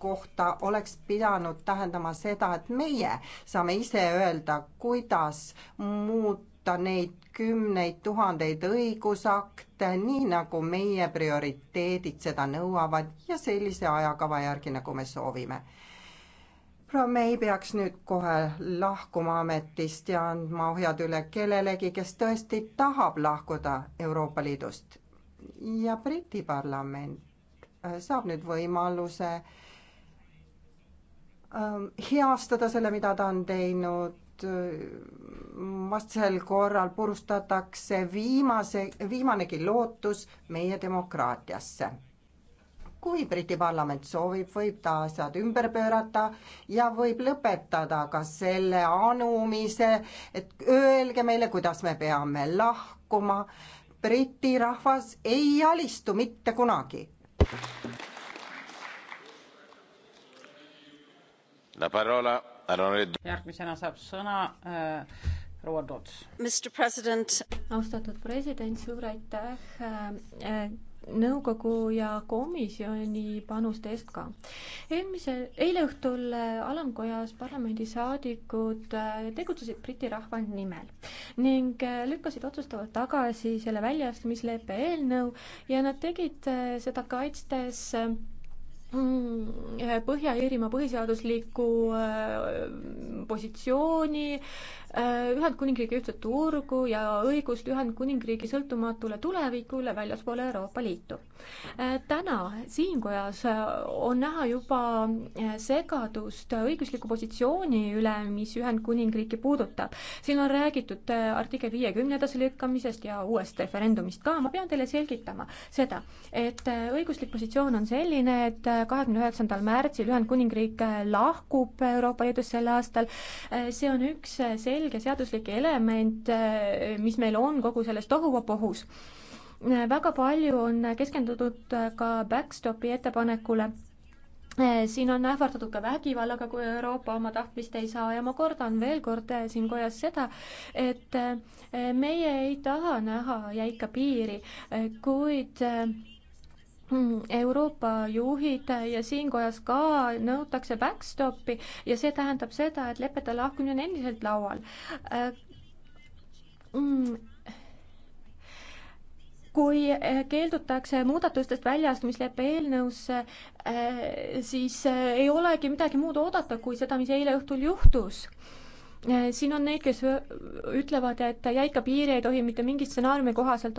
kohta oleks pidanud tähendama seda, et meie saame ise öelda, kuidas muuta neid kümneid tuhandeid õigusakte, nii nagu meie prioriteedid seda nõuavad ja sellise ajakava järgi, nagu me soovime me ei peaks nüüd kohe lahkuma ametist ja andma ohjad üle kellelegi, kes tõesti tahab lahkuda Euroopa Liidust. ja Briti parlament äh, saab nüüd võimaluse ähm, heastada selle, mida ta on teinud, vastasel korral purustatakse viimase, viimanegi lootus meie demokraatiasse kui Briti parlament soovib, võib ta asjad ümber pöörata ja võib lõpetada ka selle anumise, et öelge meile, kuidas me peame lahkuma. Briti rahvas ei alistu mitte kunagi. järgmisena saab sõna äh, proua Toots. austatud president, suur aitäh äh, nõukogu ja komisjoni panust ESKA. eelmise, eile õhtul äh, alamkojas parlamendisaadikud äh, tegutsesid Briti rahva nimel ning äh, lükkasid otsustavalt tagasi selle väljaastumisleppe eelnõu ja nad tegid seda kaitstes Mm, Põhja-Iirimaa põhiseaduslikku äh, positsiooni, äh, Ühendkuningriigi ühtset turgu ja õigust Ühendkuningriigi sõltumatule tulevikule väljaspool Euroopa Liitu. Äh, täna siin kojas on näha juba segadust õigusliku positsiooni üle, mis Ühendkuningriiki puudutab. siin on räägitud artikkel viiekümne edasilükkamisest ja uuest referendumist ka, ma pean teile selgitama seda, et õiguslik positsioon on selline, et kahekümne üheksandal märtsil Ühendkuningriik lahkub Euroopa Liidust sel aastal. see on üks selge seaduslik element, mis meil on kogu selles tohuvapohus. väga palju on keskendutud ka backstopi ettepanekule siin on ähvardatud ka vägivallaga, kui Euroopa oma tahtmist ei saa ja ma kordan veel kord siin kojas seda, et meie ei taha näha jäika piiri, kuid Hmm, Euroopa juhid ja siinkohas ka nõutakse backstopi ja see tähendab seda, et lepete lahkumine on endiselt laual äh, hmm, kui äh, keeldutakse muudatustest väljaastumisleppe eelnõusse, äh, siis ei olegi midagi muud oodata, kui seda, mis eile õhtul juhtus. siin on neid, kes ütlevad, et jäika piiri ei tohi mitte mingi stsenaariumi kohaselt